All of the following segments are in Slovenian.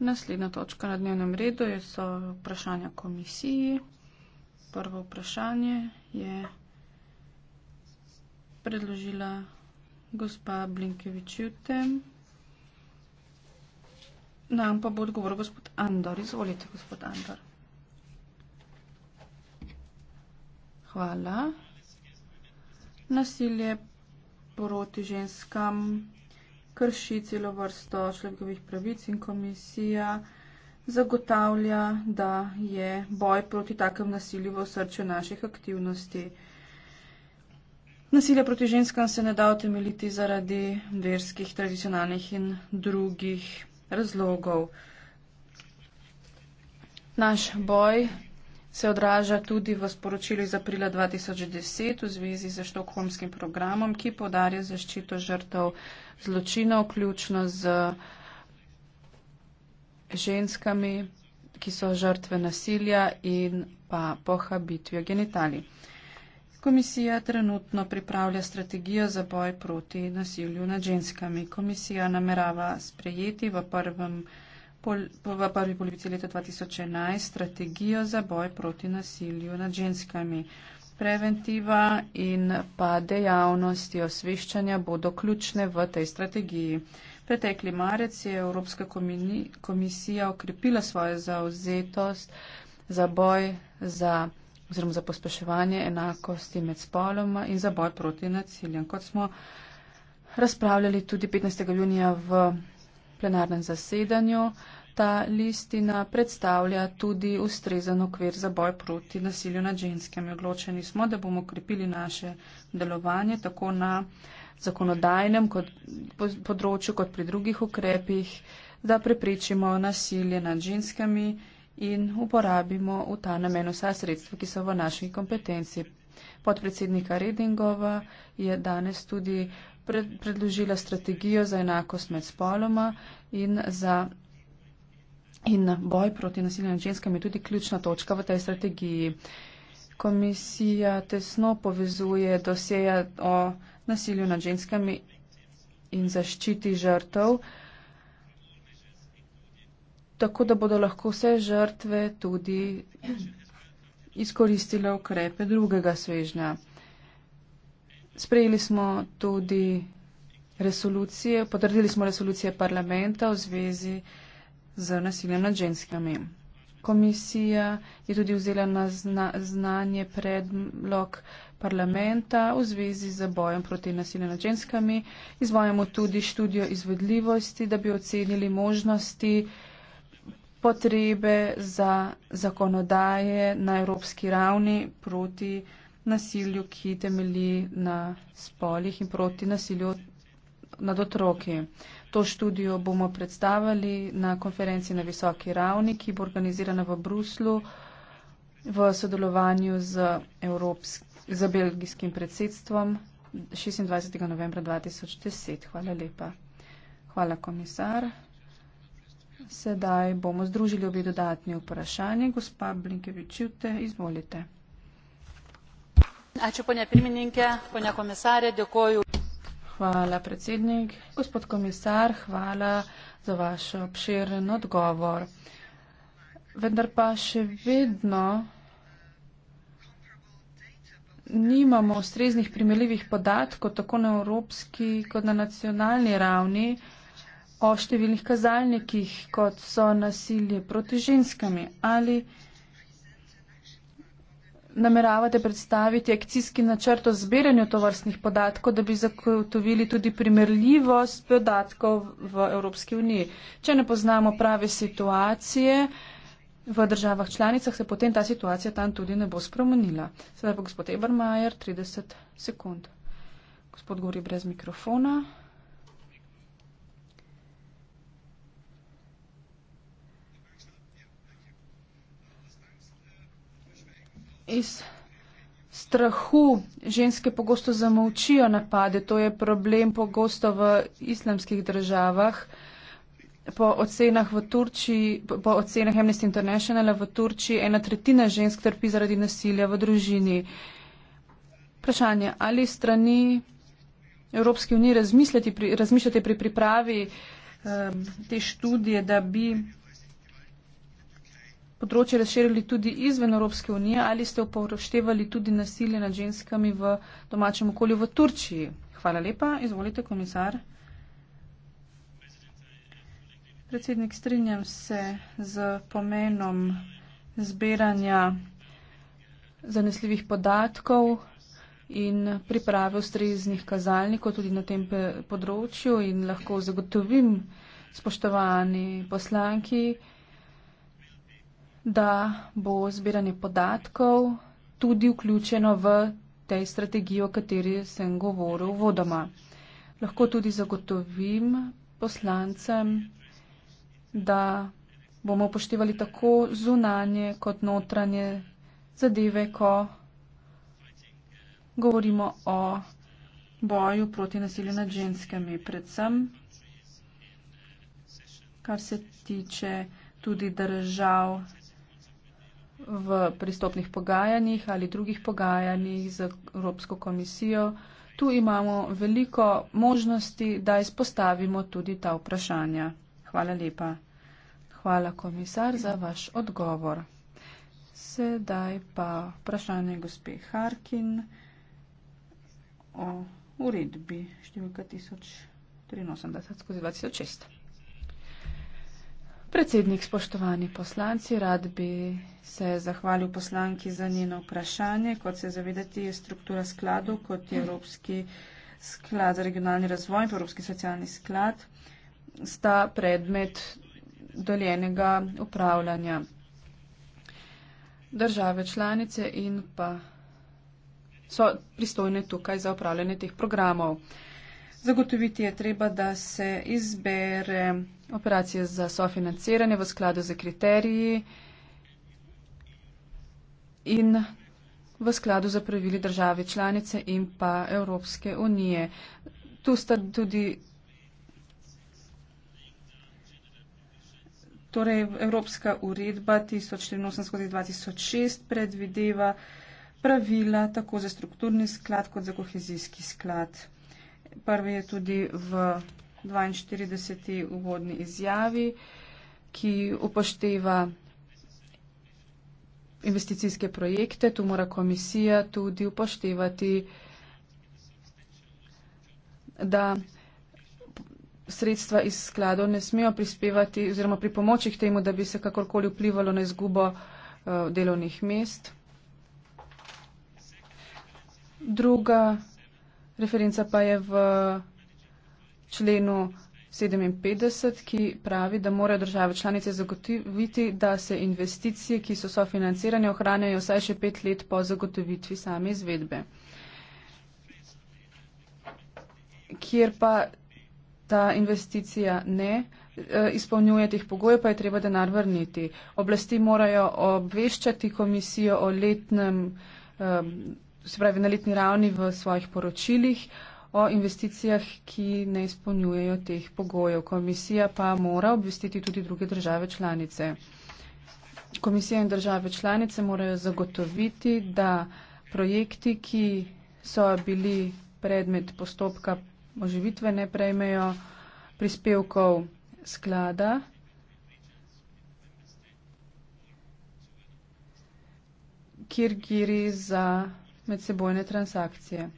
Naslednja točka na dnevnem redu so vprašanja komisiji. Prvo vprašanje je predložila gospa Blinkevičutem. Nam pa bo odgovoril gospod Andor. Izvolite, gospod Andor. Hvala. Nasilje proti ženskam krši celo vrsto človekovih pravic in komisija zagotavlja, da je boj proti takem nasilju v srču naših aktivnosti. Nasilje proti ženskam se ne da utemeljiti zaradi verskih, tradicionalnih in drugih razlogov. Naš boj se odraža tudi v sporočilu iz aprila 2010 v zvezi z Štokholmskim programom, ki podarja zaščito žrtev zločina, vključno z ženskami, ki so žrtve nasilja in pa pohabitvijo genitalij. Komisija trenutno pripravlja strategijo za boj proti nasilju nad ženskami. Komisija namerava sprejeti v prvem času v prvi polovici leta 2011 strategijo za boj proti nasilju nad ženskami. Preventiva in pa dejavnosti osveščanja bodo ključne v tej strategiji. Pretekli marec je Evropska komisija okrepila svojo zauzetost za boj za oziroma za pospeševanje enakosti med spoloma in za boj proti nasiljem. Kot smo razpravljali tudi 15. junija v plenarnem zasedanju. Ta listina predstavlja tudi ustrezen okvir za boj proti nasilju nad ženskami. Odločeni smo, da bomo krepili naše delovanje tako na zakonodajnem kot področju kot pri drugih ukrepih, da preprečimo nasilje nad ženskami in uporabimo v ta namen vsa sredstva, ki so v naši kompetenci. Podpredsednika Redingova je danes tudi pred, predložila strategijo za enakost med spoloma in za. In boj proti nasilju nad ženskami je tudi ključna točka v tej strategiji. Komisija tesno povezuje doseja o nasilju nad ženskami in zaščiti žrtev, tako da bodo lahko vse žrtve tudi izkoristile ukrepe drugega svežnja. Sprejeli smo tudi resolucije, potrdili smo resolucije parlamenta v zvezi z nasiljem nad ženskami. Komisija je tudi vzela na zna, znanje predlog parlamenta v zvezi z bojem proti nasilju nad ženskami. Izvajamo tudi študijo izvedljivosti, da bi ocenili možnosti potrebe za zakonodaje na evropski ravni proti nasilju nasilju, ki temeli na spolih in proti nasilju nad otroki. To študijo bomo predstavili na konferenci na visoki ravni, ki bo organizirana v Bruslu v sodelovanju z, Evropsk z belgijskim predsedstvom 26. novembra 2010. Hvala lepa. Hvala, komisar. Sedaj bomo združili obi dodatni vprašanje. Gospa Blinkevičute, izvolite. Hvala, predsednik. Gospod komisar, hvala za vaš obširen odgovor. Vendar pa še vedno nimamo ustreznih primerljivih podatkov tako na evropski kot na nacionalni ravni o številnih kazalnikih, kot so nasilje proti ženskami ali nasilje nameravate predstaviti akcijski načrt o zbiranju tovrstnih podatkov, da bi zagotovili tudi primerljivost podatkov v Evropski uniji. Če ne poznamo prave situacije v državah članicah, se potem ta situacija tam tudi ne bo spremenila. Sedaj pa gospod Ebermajer, 30 sekund. Gospod govori brez mikrofona. iz strahu ženske pogosto zamovčijo napade. To je problem pogosto v islamskih državah. Po ocenah, Turčiji, po ocenah Amnesty International v Turčiji ena tretjina žensk trpi zaradi nasilja v družini. Vprašanje, ali strani Evropske unije razmišljate pri, pri pripravi um, te študije, da bi področje razširili tudi izven Evropske unije ali ste upoštevali tudi nasilje nad ženskami v domačem okolju v Turčiji? Hvala lepa. Izvolite, komisar. Predsednik, strinjam se z pomenom zbiranja zanesljivih podatkov in priprave ustreznih kazalnikov tudi na tem področju in lahko zagotovim spoštovani poslanki, da bo zbiranje podatkov tudi vključeno v tej strategiji, o kateri sem govoril vodoma. Lahko tudi zagotovim poslancem, da bomo upoštevali tako zunanje kot notranje zadeve, ko govorimo o boju proti nasilju nad ženskami. Predvsem, kar se tiče tudi držav v pristopnih pogajanjih ali drugih pogajanjih z Evropsko komisijo. Tu imamo veliko možnosti, da izpostavimo tudi ta vprašanja. Hvala lepa. Hvala, komisar, za vaš odgovor. Sedaj pa vprašanje gospe Harkin o uredbi številka 1083 skozi 2006. Predsednik, spoštovani poslanci, rad bi se zahvalil poslanki za njeno vprašanje. Kot se zavedati, je struktura skladov kot Evropski sklad za regionalni razvoj in Evropski socialni sklad sta predmet doljenega upravljanja države članice in pa so pristojne tukaj za upravljanje teh programov. Zagotoviti je treba, da se izbere operacije za sofinanciranje v skladu z kriteriji in v skladu za pravili države članice in pa Evropske unije. Tu sta tudi torej Evropska uredba 1084-2006 predvideva pravila tako za strukturni sklad kot za kohezijski sklad. Prvi je tudi v 42. uvodni izjavi, ki upošteva investicijske projekte, tu mora komisija tudi upoštevati, da sredstva iz skladov ne smejo prispevati oziroma pri pomoči k temu, da bi se kakorkoli vplivalo na izgubo uh, delovnih mest. Druga referenca pa je v členu 57, ki pravi, da morajo države članice zagotoviti, da se investicije, ki so sofinancirane, ohranjajo vsaj še pet let po zagotovitvi same izvedbe. Kjer pa ta investicija ne e, izpolnjuje teh pogojev, pa je treba denar vrniti. Oblasti morajo obveščati komisijo o letnem, e, se pravi na letni ravni v svojih poročilih, o investicijah, ki ne izpolnjujejo teh pogojev. Komisija pa mora obvestiti tudi druge države članice. Komisija in države članice morajo zagotoviti, da projekti, ki so bili predmet postopka oživitve, ne prejmejo prispevkov sklada. kjer giri za medsebojne transakcije.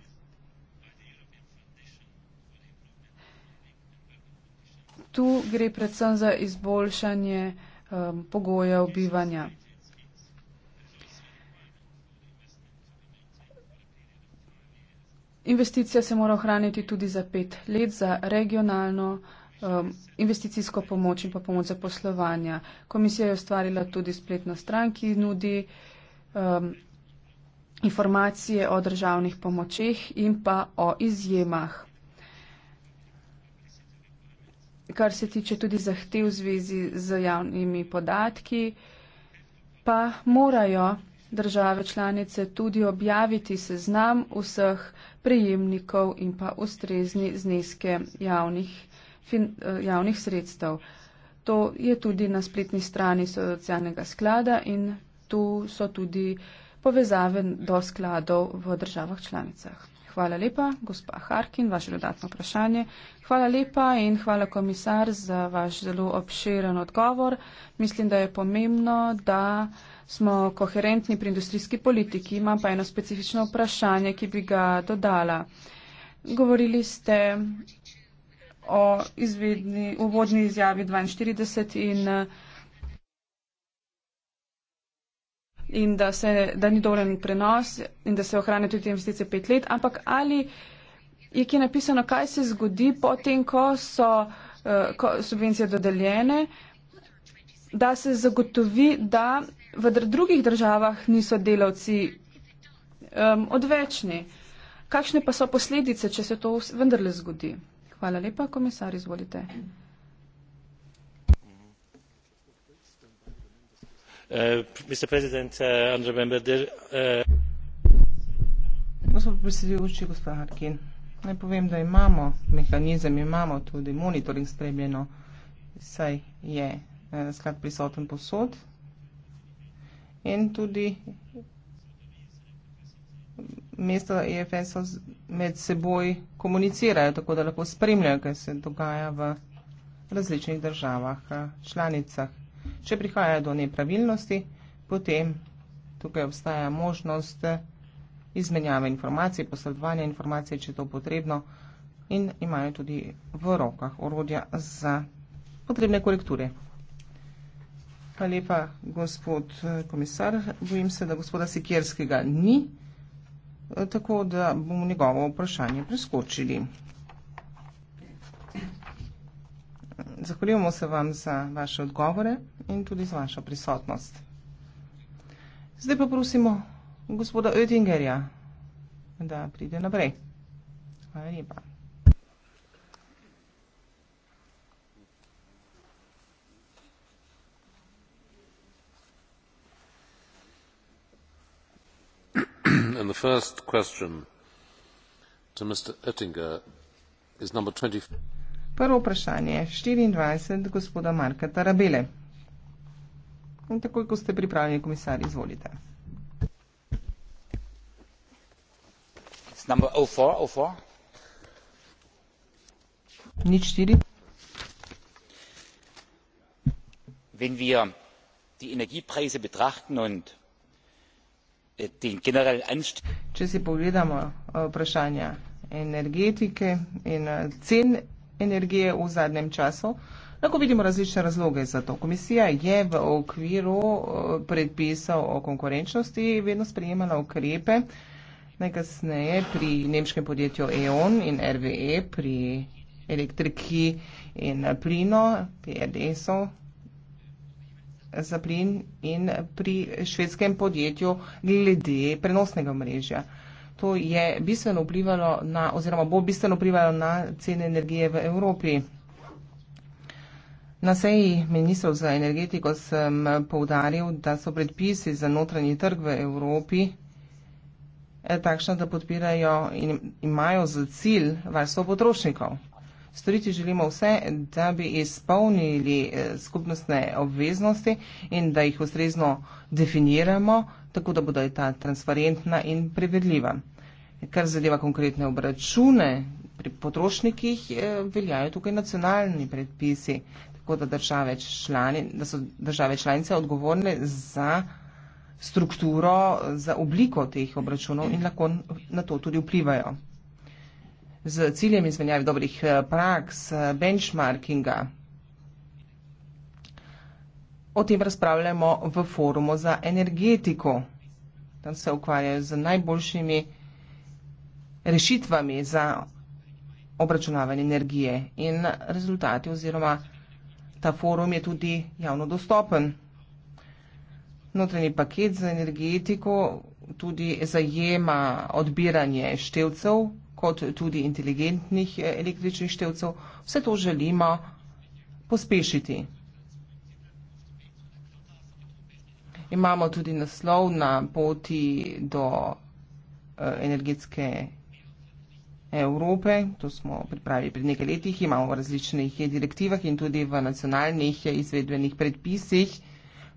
tu gre predvsem za izboljšanje um, pogojev bivanja. Investicija se mora ohraniti tudi za pet let za regionalno um, investicijsko pomoč in pa pomoč za poslovanja. Komisija je ustvarila tudi spletno stran, ki nudi um, informacije o državnih pomočeh in pa o izjemah. kar se tiče tudi zahtev v zvezi z javnimi podatki, pa morajo države članice tudi objaviti seznam vseh prejemnikov in pa ustrezni zneske javnih, fin, javnih sredstev. To je tudi na spletni strani socialnega sklada in tu so tudi povezave do skladov v državah članicah. Hvala lepa, gospa Harkin, vaše dodatno vprašanje. Hvala lepa in hvala komisar za vaš zelo obširen odgovor. Mislim, da je pomembno, da smo koherentni pri industrijski politiki. Imam pa eno specifično vprašanje, ki bi ga dodala. Govorili ste o izvedni, uvodni izjavi 42 in. in da, se, da ni dovoljen prenos in da se ohranijo tudi investicije pet let, ampak ali je kje napisano, kaj se zgodi potem, ko so uh, ko subvencije dodeljene, da se zagotovi, da v drugih državah niso delavci um, odvečni. Kakšne pa so posledice, če se to vendarle zgodi? Hvala lepa, komisar, izvolite. Hvala. Uh, mr president uh, honourable members uh, gospod predsedujoči gospa harkin naj povem da imamo mehanizem imamo tudi monitoring spremljeno saj je eh, sklad prisoten posod in tudi mesta EFS med seboj komunicirajo, tako da lahko spremljajo, kaj se dogaja v različnih državah, eh, članicah. Če prihaja do nepravilnosti, potem tukaj obstaja možnost izmenjave informacij, posredovanja informacij, če je to potrebno in imajo tudi v rokah orodja za potrebne korekture. Hvala lepa, gospod komisar. Bojim se, da gospoda Sikerskega ni, tako da bomo njegovo vprašanje preskočili. Zahvaljujemo se vam za vaše odgovore in tudi z vašo prisotnost. Zdaj pa prosimo gospoda Oettingerja, da pride naprej. Hvala lepa. And the first question to Mr. Oettinger is number 24. Prvo vprašanje, 24, gospoda Marka Tarabele. In takoj, ko ste pripravljeni, komisar, izvolite. Number 04, 04. Nič štiri. Wenn wir die Energiepreise betrachten und äh, den generellen Anstieg. Wenn wir die Energiepreise betrachten und den generellen Anstieg. Lahko vidimo različne razloge za to. Komisija je v okviru eh, predpisov o konkurenčnosti vedno sprejemala ukrepe, najkasneje pri nemškem podjetju EON in RVE, pri elektriki in plino, pri EDS-u za plin in pri švedskem podjetju glede prenosnega mrežja. To je bistveno vplivalo na, oziroma bo bistveno vplivalo na cene energije v Evropi. Na seji ministrov za energetiko sem povdaril, da so predpisi za notranji trg v Evropi eh, takšna, da podpirajo in imajo za cilj varstvo potrošnikov. Storiti želimo vse, da bi izpolnili eh, skupnostne obveznosti in da jih ustrezno definiramo, tako da bodo ta transparentna in preverljiva. Kar zadeva konkretne obračune pri potrošnikih, eh, veljajo tukaj nacionalni predpisi tako, da, države člani, da so države članice odgovorne za strukturo, za obliko teh obračunov in lahko na to tudi vplivajo. Z ciljem izmenjave dobrih eh, praks, eh, benchmarkinga. O tem razpravljamo v forumu za energetiko. Tam se ukvarjajo z najboljšimi rešitvami za obračunavanje energije in rezultati oziroma Ta forum je tudi javno dostopen. Notranji paket za energetiko tudi zajema odbiranje števcev, kot tudi inteligentnih eh, električnih števcev. Vse to želimo pospešiti. Imamo tudi naslov na poti do eh, energetske Evrope, to smo pripravili pred nekaj letih, imamo v različnih direktivah in tudi v nacionalnih izvedbenih predpisih,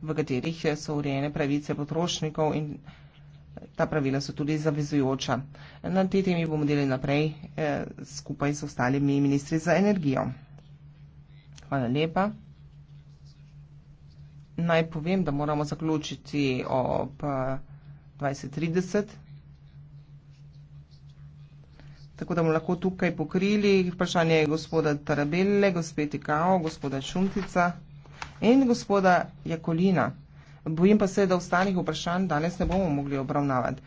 v katerih so urejene pravice potrošnikov in ta pravila so tudi zavezujoča. Na te temi bomo delali naprej eh, skupaj s ostalimi ministri za energijo. Hvala lepa. Naj povem, da moramo zaključiti ob 2030. Eh, tako da bomo lahko tukaj pokrili vprašanje gospoda Tarabelle, gospe Tikao, gospoda Šuntica in gospoda Jakolina. Bojim pa se, da ostalih vprašanj danes ne bomo mogli obravnavati.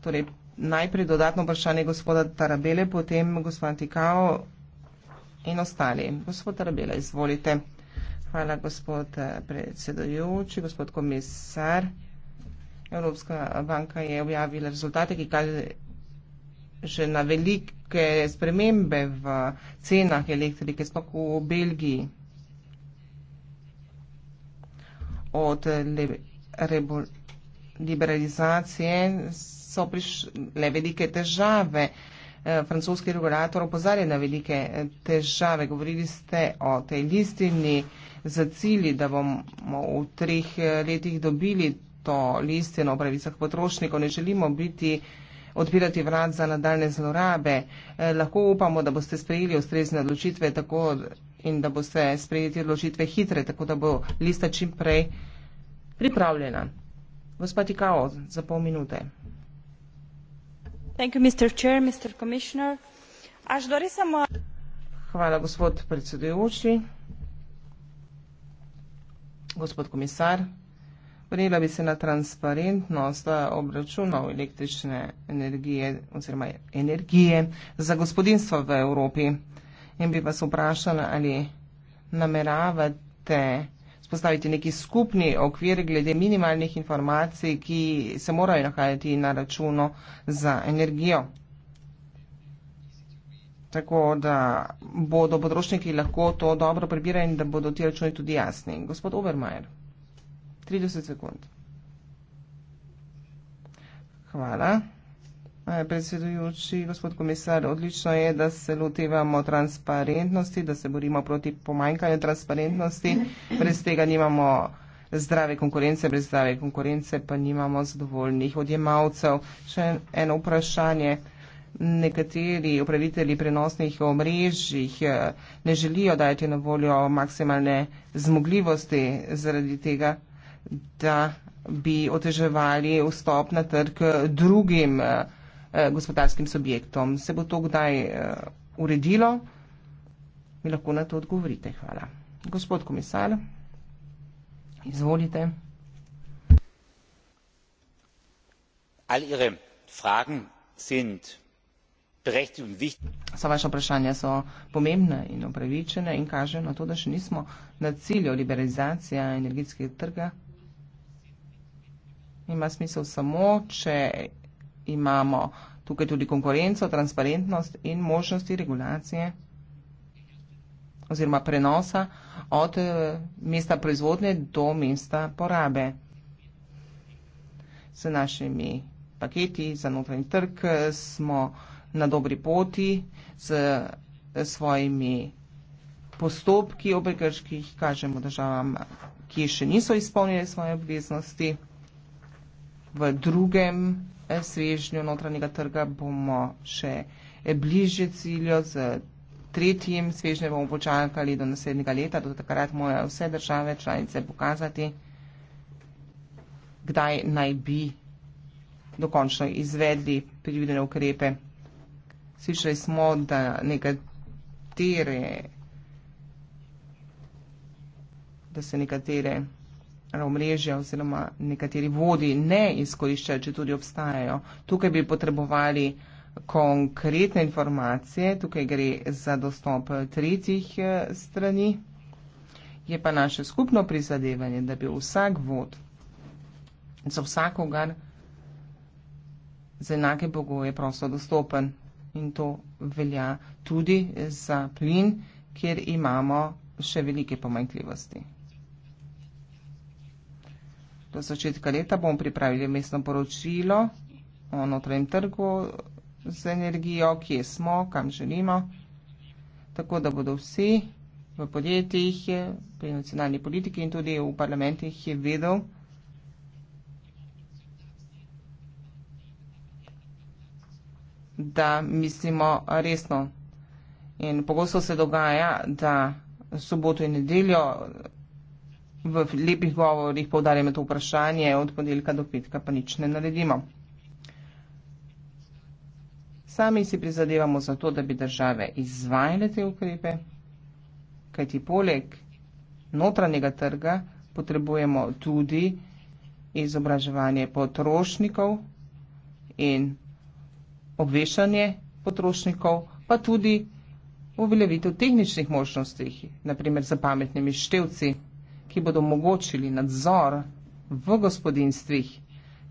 Torej, najprej dodatno vprašanje gospoda Tarabele, potem gospoda Tikao in ostali. Gospod Tarabele, izvolite. Hvala, gospod eh, predsedojoči, gospod komisar. Evropska banka je objavila rezultate, ki kaže, že na velike spremembe v cenah elektrike, sploh v Belgiji. Od liberalizacije so prišle velike težave. Eh, francoski regulator opozarja na velike eh, težave. Govorili ste o tej listini za cilji, da bomo v treh eh, letih dobili to listino o pravicah potrošnikov. Ne želimo biti eh, odpirati vrat za nadaljne zlorabe. Eh, lahko upamo, da boste sprejeli ustrezne odločitve tako in da boste sprejeti odločitve hitre, tako da bo lista čim prej pripravljena. Gospod Ikao, za pol minute. Thank you, Mr. Chair, Mr. Commissioner. Až dori samo. Hvala, gospod predsedujoči. Gospod komisar. Prijela bi se na transparentnost eh, obračunov električne energije oziroma energije za gospodinstvo v Evropi in bi vas vprašala, ali nameravate spostaviti neki skupni okvir glede minimalnih informacij, ki se morajo nahajati na računu za energijo. Tako da bodo področniki lahko to dobro prebirali in da bodo ti računi tudi jasni. Gospod Obermajer. 30 sekund. Hvala. E, predsedujoči, gospod komisar, odlično je, da se lotevamo transparentnosti, da se borimo proti pomanjkanju transparentnosti. Brez tega nimamo zdrave konkurence, brez zdrave konkurence pa nimamo zadovoljnih odjemalcev. Še eno vprašanje. Nekateri upravitelji prenosnih omrežjih e, ne želijo dajati na voljo maksimalne zmogljivosti zaradi tega da bi oteževali vstop na trg drugim eh, gospodarskim subjektom. Se bo to kdaj eh, uredilo? Mi lahko na to odgovorite. Hvala. Gospod komisar, izvolite. All Ihre Fragen sind berechtigt und wichtig. So, vaše vprašanja so pomembne in upravičene in kažejo na to, da še nismo na cilju liberalizacije energetskega trga ima smisel samo, če imamo tukaj tudi konkurenco, transparentnost in možnosti regulacije oziroma prenosa od eh, mesta proizvodnje do mesta porabe. S našimi paketi za notranji trg eh, smo na dobri poti s eh, svojimi postopki o prekrških, kažemo državam, ki še niso izpolnili svoje obveznosti v drugem eh, svežnju notranjega trga bomo še eh, bližje ciljo z tretjim svežnjem bomo počakali do naslednjega leta, do takrat mojo vse države članice pokazati, kdaj naj bi dokončno izvedli predvidene ukrepe. Slišali smo, da nekatere da se nekatere omrežja oziroma nekateri vodi ne izkoriščajo, če tudi obstajajo. Tukaj bi potrebovali konkretne informacije, tukaj gre za dostop tretjih eh, strani. Je pa naše skupno prizadevanje, da bi vsak vod za vsakogar za enake pogoje prosto dostopen. In to velja tudi za plin, kjer imamo še velike pomanjkljivosti do začetka leta bomo pripravili mestno poročilo o notranjem trgu z energijo, kje smo, kam želimo, tako da bodo vsi v podjetjih, pri nacionalni politiki in tudi v parlamentih vedel, da mislimo resno. In pogosto se dogaja, da soboto in nedeljo v lepih govorih povdarjamo to vprašanje, od ponedeljka do petka pa nič ne naredimo. Sami si prizadevamo za to, da bi države izvajale te ukrepe, kajti poleg notranjega trga potrebujemo tudi izobraževanje potrošnikov in obveščanje potrošnikov, pa tudi uveljavitev tehničnih možnosti, naprimer za pametnimi števci ki bodo omogočili nadzor v gospodinstvih,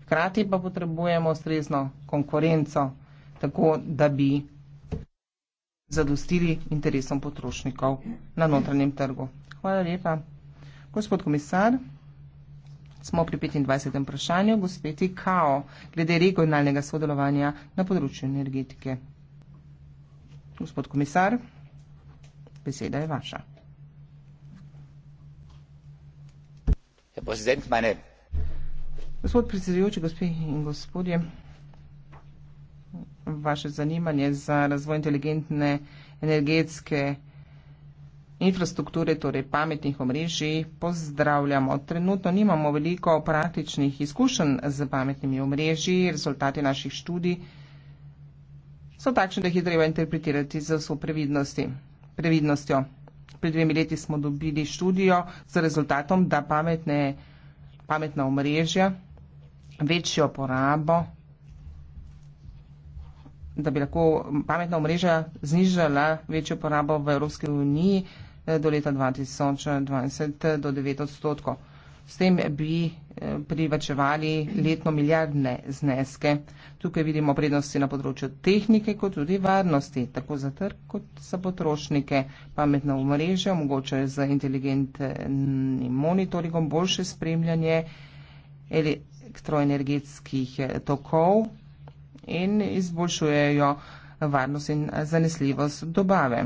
hkrati pa potrebujemo ustrezno konkurenco, tako da bi zadostili interesom potrošnikov na notranjem trgu. Hvala lepa. Gospod komisar, smo pri 25. vprašanju, gospeti KAO, glede regionalnega sodelovanja na področju energetike. Gospod komisar, beseda je vaša. gospod predsedujoči, gospe in gospodje, vaše zanimanje za razvoj inteligentne energetske infrastrukture, torej pametnih omrežij, pozdravljamo. Trenutno nimamo veliko praktičnih izkušenj z pametnimi omrežji, rezultati naših študij so takšni, da jih je treba interpretirati z vso previdnosti, previdnostjo pred dvemi leti smo dobili študijo z rezultatom, da pametne, pametna omrežja večjo porabo, da bi lahko pametna omrežja znižala večjo porabo v Evropski uniji eh, do leta 2020 eh, do 9 odstotkov. S tem bi eh, privačevali letno milijardne zneske. Tukaj vidimo prednosti na področju tehnike kot tudi varnosti, tako za trg kot za potrošnike. Pametna omrežja omogočajo z inteligentnim monitoringom boljše spremljanje elektroenergetskih eh, tokov in izboljšujejo varnost in zanesljivost dobave.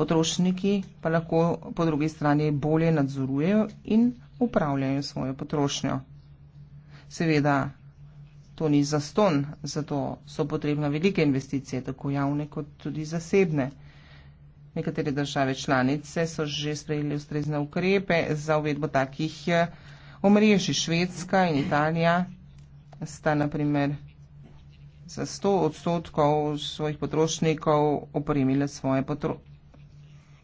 Potrošniki pa lahko po drugi strani bolje nadzorujejo in upravljajo svojo potrošnjo. Seveda, to ni zaston, zato so potrebne velike investicije, tako javne kot tudi zasebne. Nekatere države članice so že sprejeli ustrezne ukrepe za uvedbo takih eh, omrežij. Švedska in Italija sta naprimer za 100 odstotkov svojih potrošnikov opremile svoje potrošnje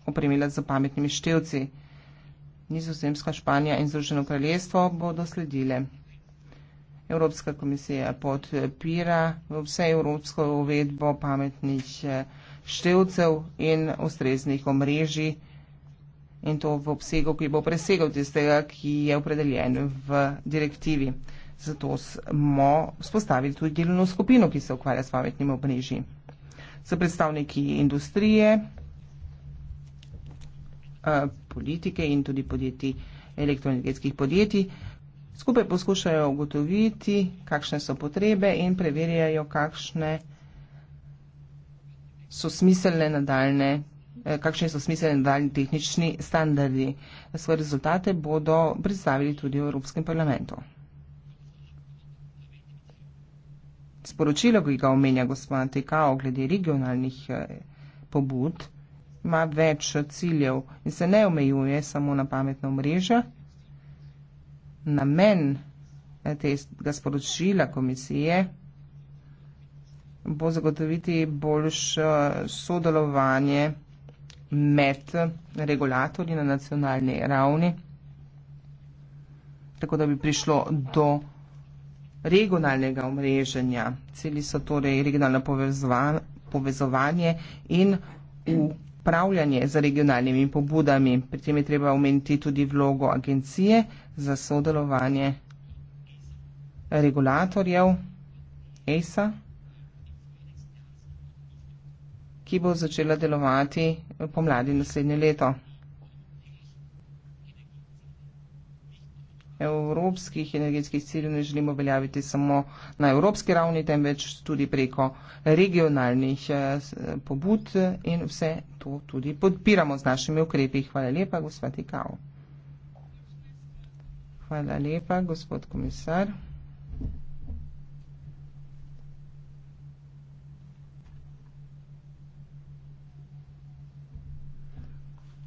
opremila z pametnimi števci. Nizozemska Španija in Združeno kraljestvo bodo sledile. Evropska komisija podpira vse evropsko uvedbo pametnih eh, števcev in ustreznih omrežij in to v obsegu, ki bo presegal tistega, ki je opredeljen v direktivi. Zato smo spostavili tudi delovno skupino, ki se ukvarja s pametnim omrežjem. Za predstavniki industrije Eh, politike in tudi podjetij, elektroenergetskih podjetij. Skupaj poskušajo ugotoviti, kakšne so potrebe in preverjajo, kakšne so smiselne nadaljne eh, kakšni so smiselni nadaljni tehnični standardi. Svoje rezultate bodo predstavili tudi v Evropskem parlamentu. Sporočilo, ki ga omenja gospod Tekao glede regionalnih eh, pobud, ima več ciljev in se ne omejuje samo na pametno mrežo. Namen eh, tega sporočila komisije bo zagotoviti boljše eh, sodelovanje med regulatorji na nacionalni ravni, tako da bi prišlo do regionalnega omreženja. Cilji so torej regionalno povezovanje in v upravljanje z regionalnimi pobudami. Pri tem je treba omeniti tudi vlogo agencije za sodelovanje regulatorjev ESA, ki bo začela delovati pomladi naslednje leto. Evropskih energetskih ciljev ne želimo veljaviti samo na evropski ravni, temveč tudi preko regionalnih eh, pobud in vse to tudi podpiramo z našimi ukrepi. Hvala lepa, gospod Tikao. Hvala lepa, gospod komisar.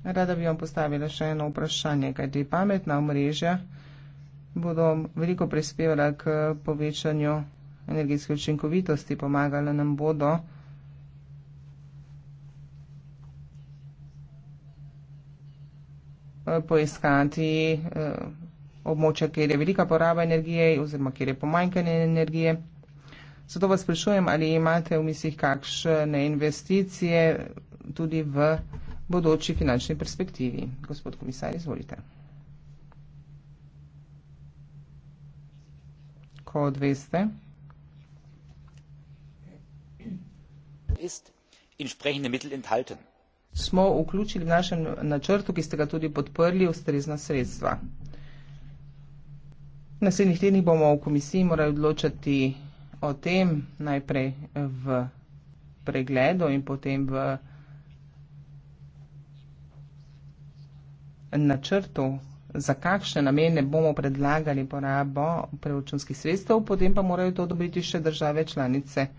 Rada bi vam postavila še eno vprašanje, kajti pametna omrežja bodo veliko prispevala k povečanju energetske učinkovitosti, pomagala nam bodo. poiskati eh, območja, kjer je velika poraba energije oziroma kjer je pomanjkanje energije. Zato vas sprašujem, ali imate v mislih kakšne investicije tudi v bodoči finančni perspektivi. Gospod komisar, izvolite. Kot veste. Ist entsprechende Mittel enthalten smo vključili v našem načrtu, ki ste ga tudi podprli, ustrezna sredstva. V naslednjih tednih bomo v komisiji morali odločati o tem najprej v pregledu in potem v načrtu, za kakšne namene bomo predlagali porabo preočunskih sredstev, potem pa morajo to dobiti še države članice.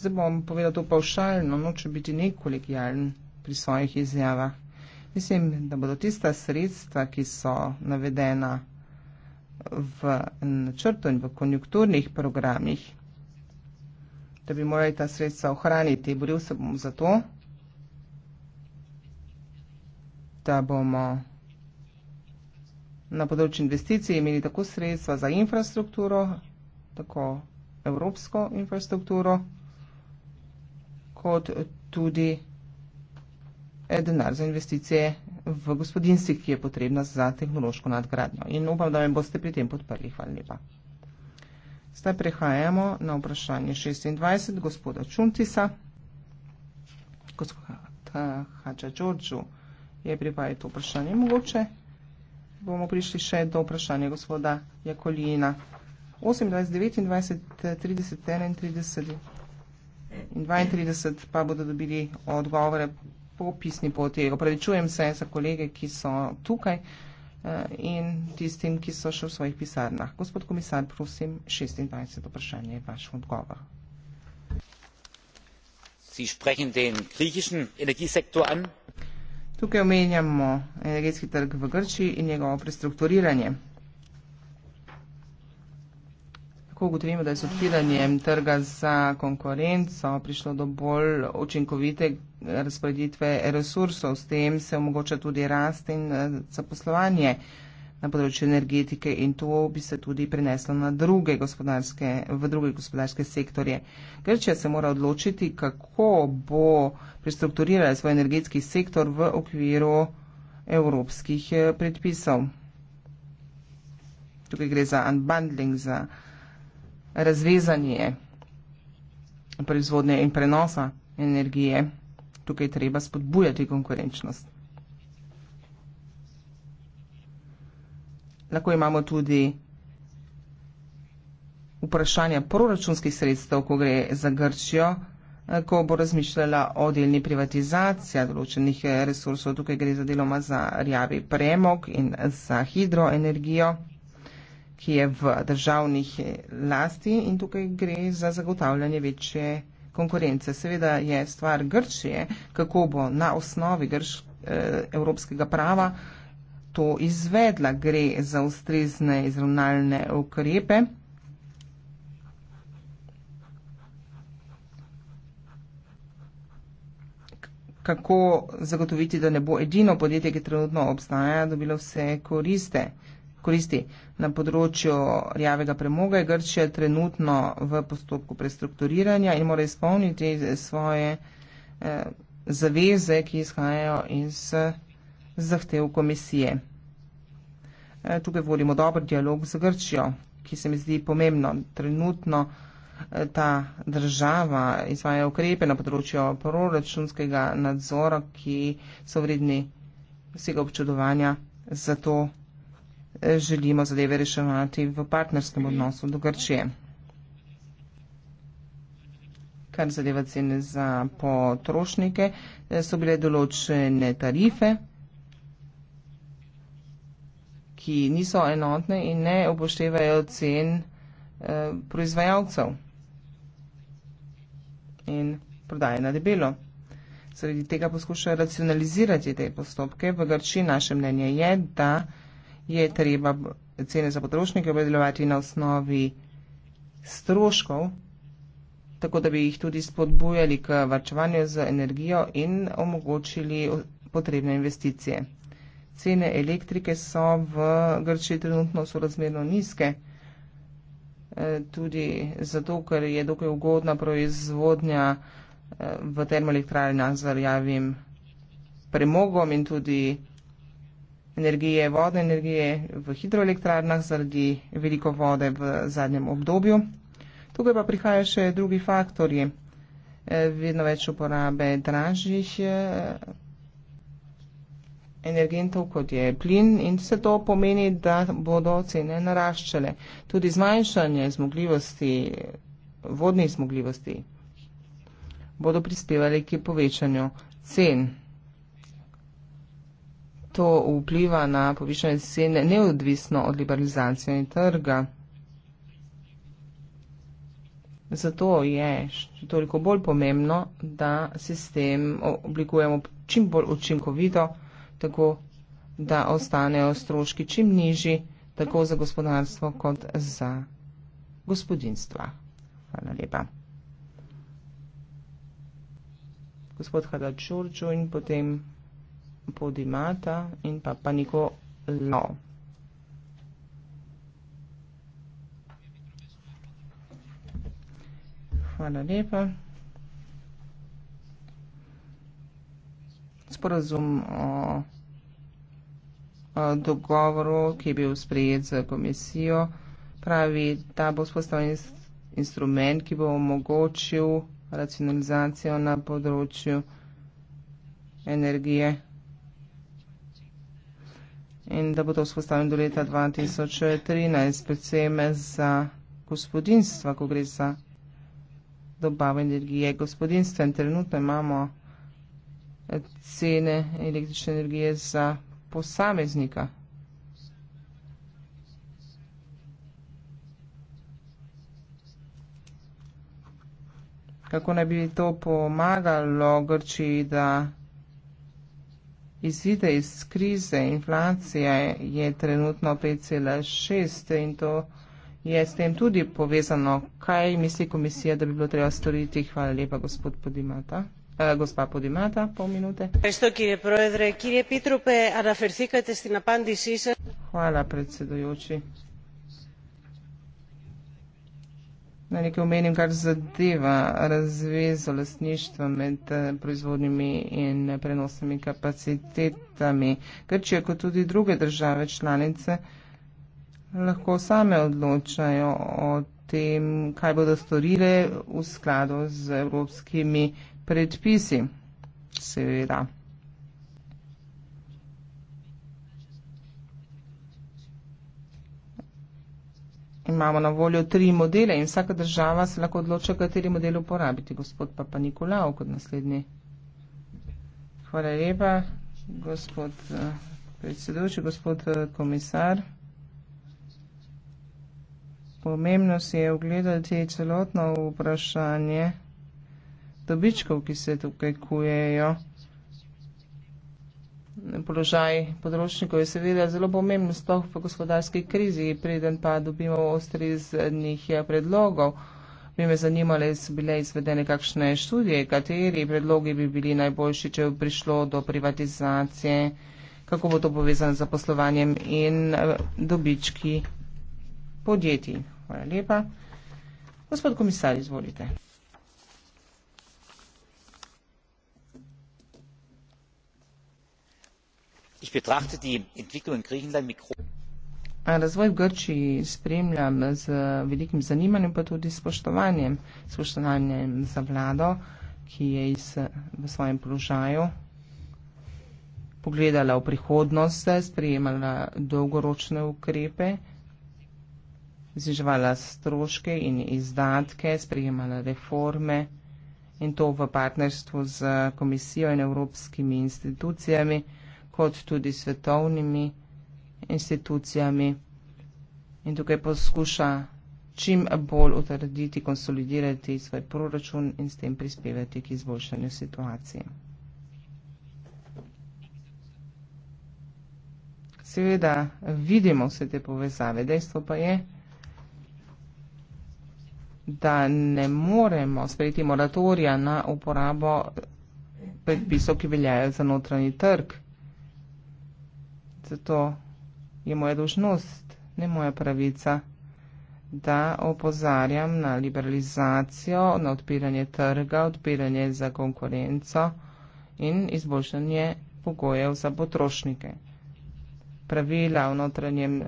Zdaj bom povedal to pavšalno, noče biti nekolikjalno pri svojih izjavah. Mislim, da bodo tista sredstva, ki so navedena v načrtu in v konjunkturnih programih, da bi morali ta sredstva ohraniti. Boril se bom za to, da bomo na področju investicij imeli tako sredstva za infrastrukturo, tako evropsko infrastrukturo, kot tudi. Eh, denar za investicije v gospodinstvih, ki je potrebna za tehnološko nadgradnjo. In upam, da me boste pri tem podprli. Hvala lepa. Zdaj prehajamo na vprašanje 26 gospoda Čuntisa. Gospoda Hača Đorđu je pripravil to vprašanje. Mogoče bomo prišli še do vprašanja gospoda Jakolina. 28, 29, 30, 31 in 32 pa bodo dobili odgovore po pisni poti. Opravičujem se za kolege, ki so tukaj eh, in tistim, ki so še v svojih pisarnah. Gospod komisar, prosim, 26 vprašanje je vaš odgovor. Tukaj omenjamo energetski trg v Grčiji in njegovo prestrukturiranje. lahko ugotovimo, da je z odpiranjem trga za konkurenco prišlo do bolj učinkovite razporeditve resursov. S tem se omogoča tudi rast in eh, zaposlovanje na področju energetike in to bi se tudi preneslo na druge gospodarske, v druge gospodarske sektorje. Grčija se mora odločiti, kako bo prestrukturirala svoj energetski sektor v okviru evropskih eh, predpisov. Tukaj gre za unbundling, za razvezanje proizvodnje in prenosa energije, tukaj treba spodbujati konkurenčnost. Lahko imamo tudi vprašanja proračunskih sredstev, ko gre za Grčijo, ko bo razmišljala o delni privatizacija določenih resursov. Tukaj gre za deloma za rjavi premog in za hidroenergijo ki je v državnih lasti in tukaj gre za zagotavljanje večje konkurence. Seveda je stvar Grčije, kako bo na osnovi grš, eh, evropskega prava to izvedla, gre za ustrezne izravnalne ukrepe. Kako zagotoviti, da ne bo edino podjetje, ki trenutno obstaja, dobilo vse koriste? koristi. Na področju rjavega premoga je Grčija trenutno v postopku prestrukturiranja in mora izpolniti svoje eh, zaveze, ki izhajajo iz eh, zahtev komisije. Eh, tukaj vodimo dober dialog z Grčijo, ki se mi zdi pomembno. Trenutno eh, ta država izvaja ukrepe na področju proračunskega nadzora, ki so vredni vsega občudovanja za to želimo zadeve reševati v partnerskem odnosu do Grčije. Kar zadeva cene za potrošnike, so bile določene tarife, ki niso enotne in ne upoštevajo cen eh, proizvajalcev in prodaje na debelo. Sredi tega poskušajo racionalizirati te postopke. V Grčiji naše mnenje je, da je treba cene za potrošnike obdelovati na osnovi stroškov, tako da bi jih tudi spodbujali k varčevanju z energijo in omogočili potrebne investicije. Cene elektrike so v Grčiji trenutno sorazmerno nizke, e, tudi zato, ker je dokaj ugodna proizvodnja e, v termoelektrarnah z rjavim premogom in tudi energije, vodne energije v hidroelektrarnah zaradi veliko vode v zadnjem obdobju. Tukaj pa prihajajo še drugi faktorji. Eh, vedno več uporabe dražjih eh, energentov, kot je plin in vse to pomeni, da bodo cene naraščale. Tudi zmanjšanje zmogljivosti, vodnih zmogljivosti bodo prispevali k povečanju cen to vpliva na povišanje cene neodvisno od liberalizacije trga. Zato je toliko bolj pomembno, da sistem oblikujemo čim bolj učinkovito, tako da ostanejo stroški čim nižji, tako za gospodarstvo kot za gospodinstva. Hvala lepa. Gospod Hadačurču in potem Podimata in pa Panicolo. Hvala lepa. Sporazum o dogovoru, ki je bil sprejet z komisijo, pravi, da bo spostavljen instrument, ki bo omogočil racionalizacijo na področju energije in da bo to vzpostavljeno do leta 2013, predvsem za gospodinstva, ko gre za dobavo energije gospodinstva. In trenutno imamo eh, cene električne energije za posameznika. Kako naj bi to pomagalo Grčiji, da izide iz krize, inflacija je trenutno 5,6 in to je s tem tudi povezano. Kaj misli komisija, da bi bilo treba storiti? Hvala lepa, gospod Podimata. Eh, gospa Podimata, pol minute. Hvala, predsedujoči. Na nekaj omenim, kar zadeva razvezo lastništva med eh, proizvodnimi in prenosnimi kapacitetami. Grčija, kot tudi druge države članice, lahko same odločajo o tem, kaj bodo storile v skladu z evropskimi predpisi. Seveda. imamo na voljo tri modele in vsaka država se lahko odloča, kateri model uporabiti. Gospod Papa Nikolao kot naslednji. Hvala lepa, gospod eh, predsedujoči, gospod eh, komisar. Pomembno si je ogledati celotno vprašanje dobičkov, ki se tukaj kujejo položaj področnikov je seveda zelo pomembno, sploh v gospodarski krizi, preden pa dobimo ustreznih ja, predlogov. Bi me zanimale, so bile izvedene kakšne študije, kateri predlogi bi bili najboljši, če bi prišlo do privatizacije, kako bo to povezano z poslovanjem in eh, dobički podjetij. Hvala lepa. Gospod komisar, izvolite. ich betrachte die Entwicklung in Griechenland mit Razvoj v Grčiji spremljam z velikim zanimanjem, pa tudi spoštovanjem, spoštovanjem za vlado, ki je iz, v svojem položaju pogledala v prihodnost, sprejemala dolgoročne ukrepe, zniževala stroške in izdatke, sprejemala reforme in to v partnerstvu z komisijo in evropskimi institucijami kot tudi svetovnimi institucijami. In tukaj poskuša čim bolj utrditi, konsolidirati svoj proračun in s tem prispevati k izboljšanju situacije. Seveda vidimo vse te povezave, dejstvo pa je, da ne moremo sprejeti moratorija na uporabo predpisov, ki veljajo za notranji trg to je moja dožnost, ne moja pravica, da opozarjam na liberalizacijo, na odpiranje trga, odpiranje za konkurenco in izboljšanje pogojev za potrošnike. Pravila v notranjem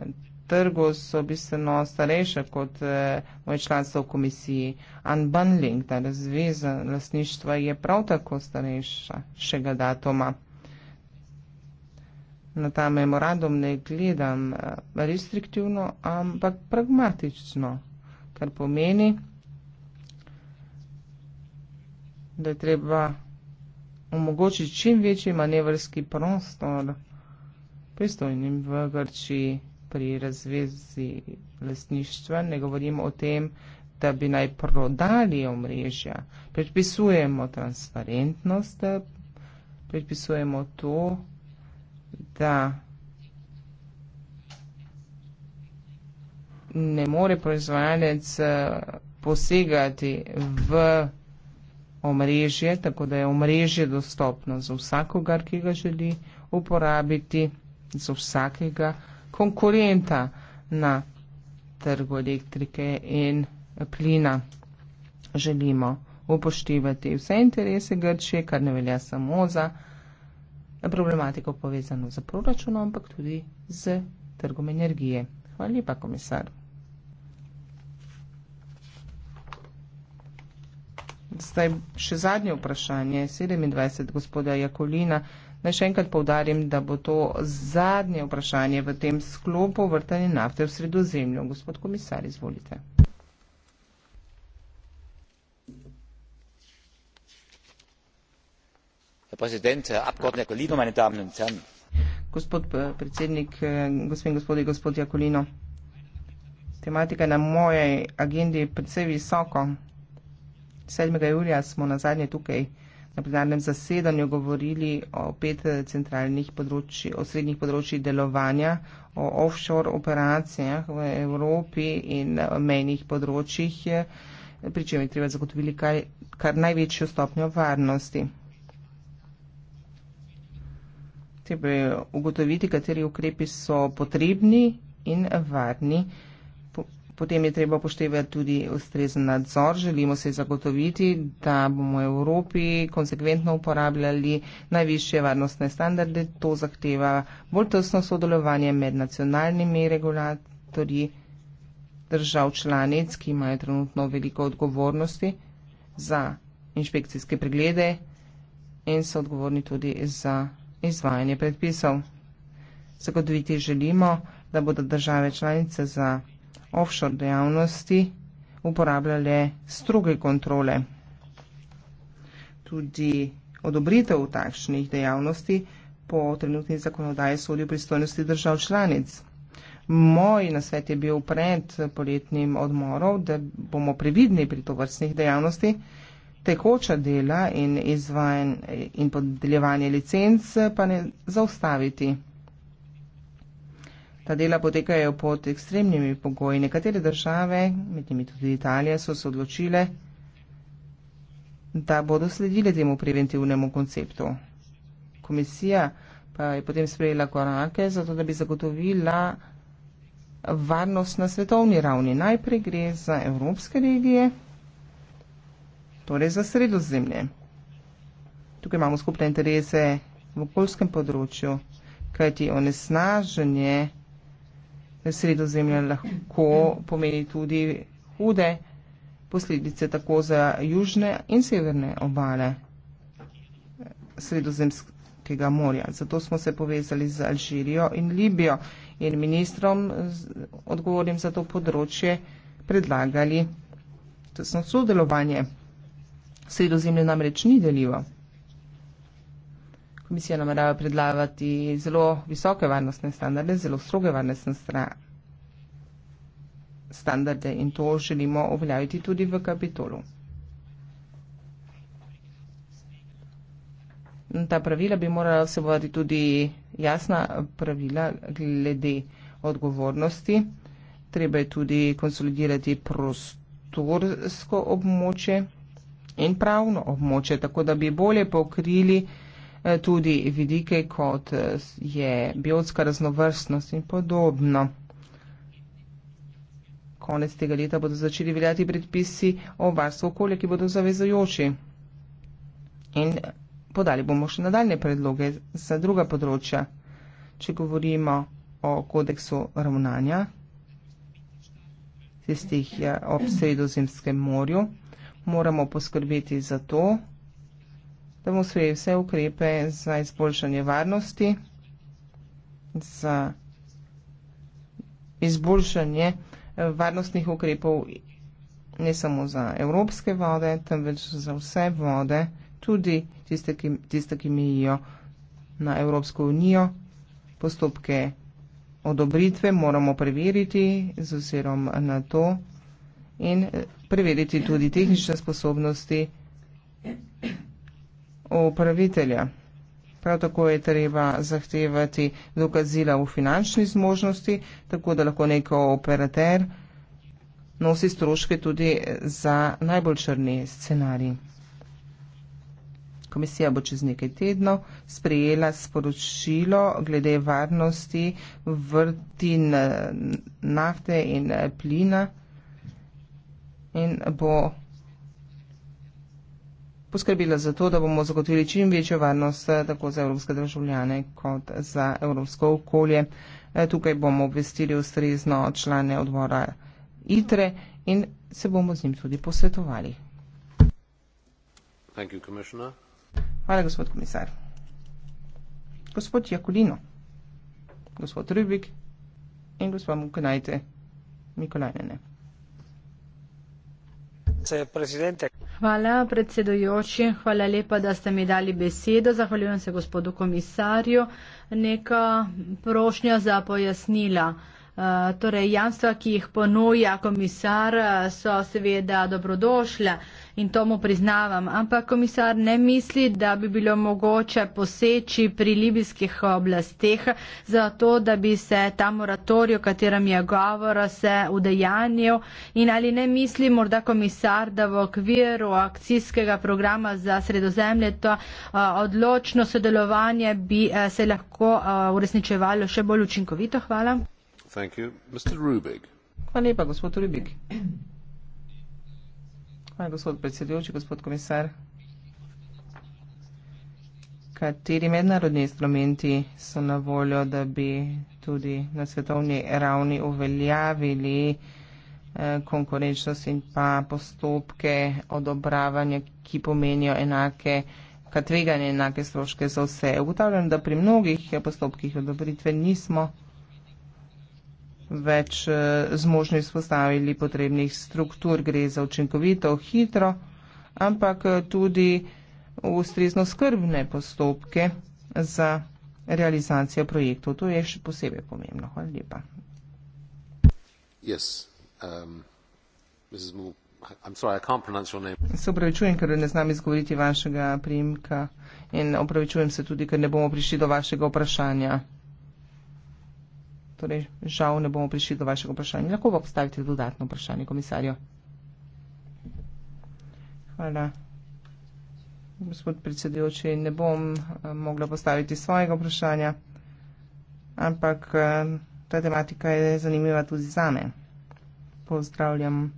trgu so bistveno starejše kot eh, moje članstvo v komisiji. Unbundling, ta razveza lasništva je prav tako starejša šega datuma na ta memorandum ne gledam eh, restriktivno, ampak pragmatično, kar pomeni, da je treba omogočiti čim večji manevrski prostor pristojnim v Grčiji pri razvezi lastništva. Ne govorim o tem, da bi naj prodali omrežja. Predpisujemo transparentnost, predpisujemo to, da ne more proizvajalec eh, posegati v omrežje, tako da je omrežje dostopno za vsakogar, ki ga želi uporabiti, za vsakega konkurenta na trgu elektrike in plina. Želimo upoštevati vse interese Grčije, kar ne velja samo za na problematiko povezano z proračunom, ampak tudi z trgom energije. Hvala lepa, komisar. Zdaj še zadnje vprašanje, 27. gospoda Jakolina. Naj še enkrat povdarim, da bo to zadnje vprašanje v tem sklopu vrtanje nafte v sredozemlju. Gospod komisar, izvolite. herr präsident herr abgeordneter iacolino meine damen und herren! gospod eh, predsednik eh, gospe in gospodje gospod iacolino tematika je na moji agendi precej visoko sedmega julija smo nazadnje tukaj na plenarnem zasedanju govorili o pet eh, centralnih področji osrednjih področji delovanja o offshore operacijah v evropi in mejnih področjih pri čemer je treba zagotoviti kar največjo stopnjo varnosti treba je ugotoviti, kateri ukrepi so potrebni in varni. Potem je treba poštevati tudi ustrezen nadzor. Želimo se zagotoviti, da bomo v Evropi konsekventno uporabljali najviše varnostne standarde. To zahteva bolj tesno sodelovanje med nacionalnimi regulatorji držav članic, ki imajo trenutno veliko odgovornosti za inšpekcijske preglede in so odgovorni tudi za izvajanje predpisov. Zagotoviti želimo, da bodo države članice za offshore dejavnosti uporabljale stroge kontrole. Tudi odobritev takšnih dejavnosti po trenutni zakonodaji sodi v pristojnosti držav članic. Moj nasvet je bil pred poletnim odmorom, da bomo previdni pri tovrstnih dejavnostih tekoča dela in izvajanje in podeljevanje licenc pa ne zaustaviti. Ta dela potekajo pod ekstremnimi pogoji. Nekatere države, med njimi tudi Italija, so se odločile, da bodo sledile temu preventivnemu konceptu. Komisija pa je potem sprejela korake, zato da bi zagotovila varnost na svetovni ravni. Najprej gre za evropske regije torej za sredozemlje. Tukaj imamo skupne interese v okoljskem področju, kajti onesnaženje sredozemlja lahko pomeni tudi hude posledice tako za južne in severne obale eh, sredozemskega morja. Zato smo se povezali z Alžirijo in Libijo in ministrom odgovorim za to področje predlagali tesno sodelovanje. Sredozemlje namreč ni deljivo. Komisija namerava predlagati zelo visoke varnostne standarde, zelo stroge varnostne standarde in to želimo uveljaviti tudi v kapitolu. Ta pravila bi morala se vodi tudi jasna pravila glede odgovornosti. Treba je tudi konsolidirati prostorsko območje in pravno območje, tako da bi bolje pokrili eh, tudi vidike, kot eh, je biotska raznovrstnost in podobno. Konec tega leta bodo začeli veljati predpisi o varstvu okolja, ki bodo zavezojoči. In podali bomo še nadaljne predloge za druga področja. Če govorimo o kodeksu ravnanja, tistih ja, ob sredozemskem morju, moramo poskrbeti za to, da bomo sprejeli vse ukrepe za izboljšanje varnosti, za izboljšanje eh, varnostnih ukrepov ne samo za evropske vode, temveč za vse vode, tudi tiste, ki, tiste, ki mejijo na Evropsko unijo. Postopke odobritve moramo preveriti z oziroma na to in eh, preveriti tudi tehnične sposobnosti upravitelja. Prav tako je treba zahtevati dokazila v finančni zmožnosti, tako da lahko neko operater nosi stroške tudi za najbolj črni scenarij. Komisija bo čez nekaj tedno sprejela sporočilo glede varnosti vrtin nafte in plina in bo poskrbila za to, da bomo zagotovili čim večjo varnost eh, tako za evropske državljane kot za evropsko okolje. Eh, tukaj bomo obvestili ustrezno člane odbora ITRE in se bomo z njim tudi posvetovali. Thank you, Hvala, gospod komisar. Gospod Jakolino, gospod Rubik in gospod Mukonajte Mikolajnene. Hvala predsedujoči, hvala lepa, da ste mi dali besedo. Zahvaljujem se gospodu komisarju. Neka prošnja za pojasnila. Eh, torej, jamstva, ki jih ponuja komisar, eh, so seveda dobrodošla in to mu priznavam. Ampak komisar ne misli, da bi bilo mogoče poseči pri libijskih oblasteh za to, da bi se ta moratorij, o katerem je govor, se udejanjil. In ali ne misli morda komisar, da v okviru akcijskega programa za sredozemlje to odločno sodelovanje bi se lahko uresničevalo še bolj učinkovito? Hvala. Thank you. Mr. Rubik. Hvala lepa, gospod Rubik. Spoštovani gospod predsedujoči, gospod komisar. Kateri mednarodni instrumenti so na voljo, da bi tudi na svetovni ravni uveljavili eh, konkurenčnost in pa postopke odobravanja, ki pomenijo enake, ka tveganje enake stroške za vse? Ugotavljam, da pri mnogih postopkih odobritve nismo več eh, zmožni vzpostavili potrebnih struktur. Gre za učinkovito, hitro, ampak eh, tudi ustrezno skrbne postopke za realizacijo projektov. To je še posebej pomembno. Hvala lepa. Yes, um, Sorry, se upravičujem, ker ne znam izgovoriti vašega primka in upravičujem se tudi, ker ne bomo prišli do vašega vprašanja. Torej, žal ne bomo prišli do vašega vprašanja. Lahko pa postavite dodatno vprašanje komisarju. Hvala. Gospod predsedujoči, ne bom eh, mogla postaviti svojega vprašanja, ampak eh, ta tematika je zanimiva tudi za me. Pozdravljam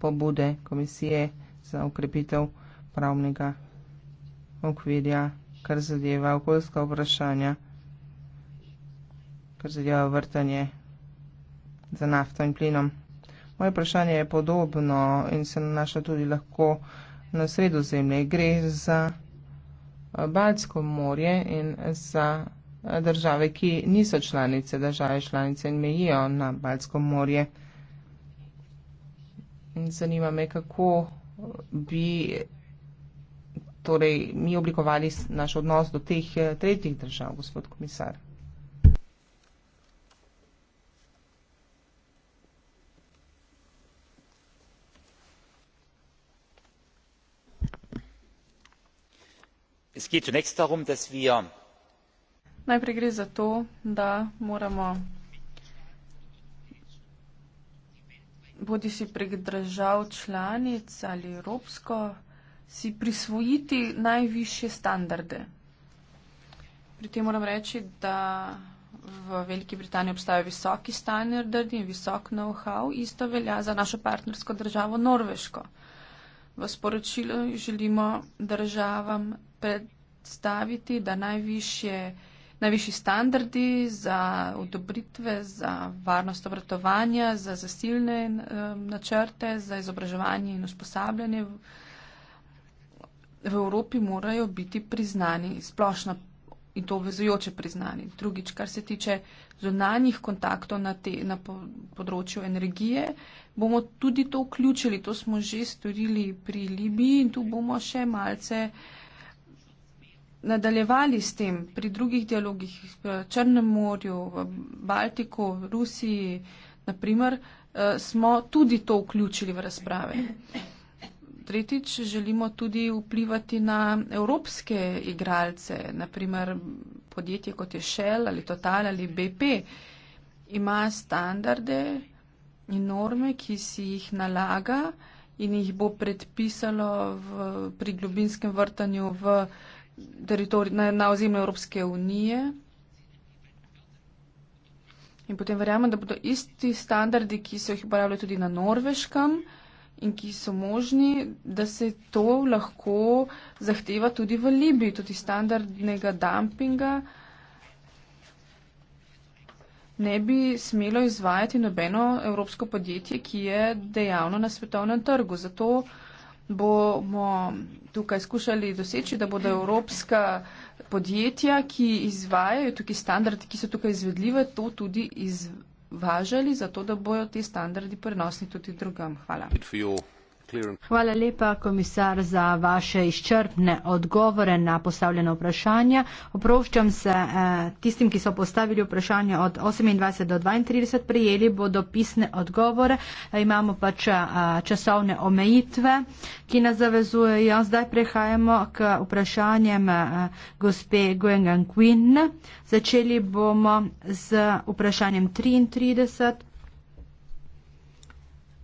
pobude komisije za ukrepitev pravnega okvirja, kar zadeva okoljska vprašanja kar zadeva vrtanje za nafto in plinom. Moje vprašanje je podobno in se nanaša tudi lahko na sredozemlje. Gre za eh, Baltsko morje in za eh, države, ki niso članice, države članice in mejijo na Baltsko morje. In zanima me, kako bi torej, mi oblikovali naš odnos do teh eh, tretjih držav, gospod komisar. Es geht zunächst darum, dass wir Najprej gre za to, da moramo bodi si prek držav članic ali evropsko si prisvojiti najvišje standarde. Pri tem moram reči, da v Veliki Britaniji obstajajo visoki standardi in visok know-how, isto velja za našo partnersko državo Norveško. V sporočilu želimo državam predstaviti, da najvišje, najvišji standardi za odobritve, za varnost obratovanja, za zasilne eh, načrte, za izobraževanje in usposabljanje v Evropi morajo biti priznani, splošno in to vezujoče priznani. Drugič, kar se tiče zunanjih kontaktov na, te, na področju energije, bomo tudi to vključili. To smo že storili pri Libiji in tu bomo še malce. Uh, nadaljevali s tem pri drugih dialogih v Črnem morju, v Baltiku, v Rusiji, naprimer, eh, smo tudi to vključili v razprave. Tretjič, želimo tudi vplivati na evropske igralce, naprimer podjetje kot je Shell ali Total ali BP, ima standarde in norme, ki si jih nalaga in jih bo predpisalo v, pri globinskem vrtanju v uh, na, na ozemlju Evropske unije. In potem verjamem, da bodo isti standardi, ki so jih uporabljali tudi na norveškem in ki so možni, da se to lahko zahteva tudi v Libiji, tudi standardnega dumpinga ne bi smelo izvajati nobeno evropsko podjetje, ki je dejavno na svetovnem trgu. Zato uh, bomo tukaj skušali doseči, da bodo evropska podjetja, ki izvajajo tukaj standardi, ki so tukaj izvedljive, to tudi izvajajo. Važali za to, da bojo ti standardi prenosni tudi drugam. Hvala. Hvala lepa, komisar, za vaše izčrpne odgovore na postavljeno vprašanje. Oproščam se eh, tistim, ki so postavili vprašanje od 28 do 32, prejeli bodo pisne odgovore. Eh, imamo pač eh, časovne omejitve, ki nas zavezujejo. Zdaj prehajamo k vprašanjem gospe Gwengan Quinn. Začeli bomo z vprašanjem 33.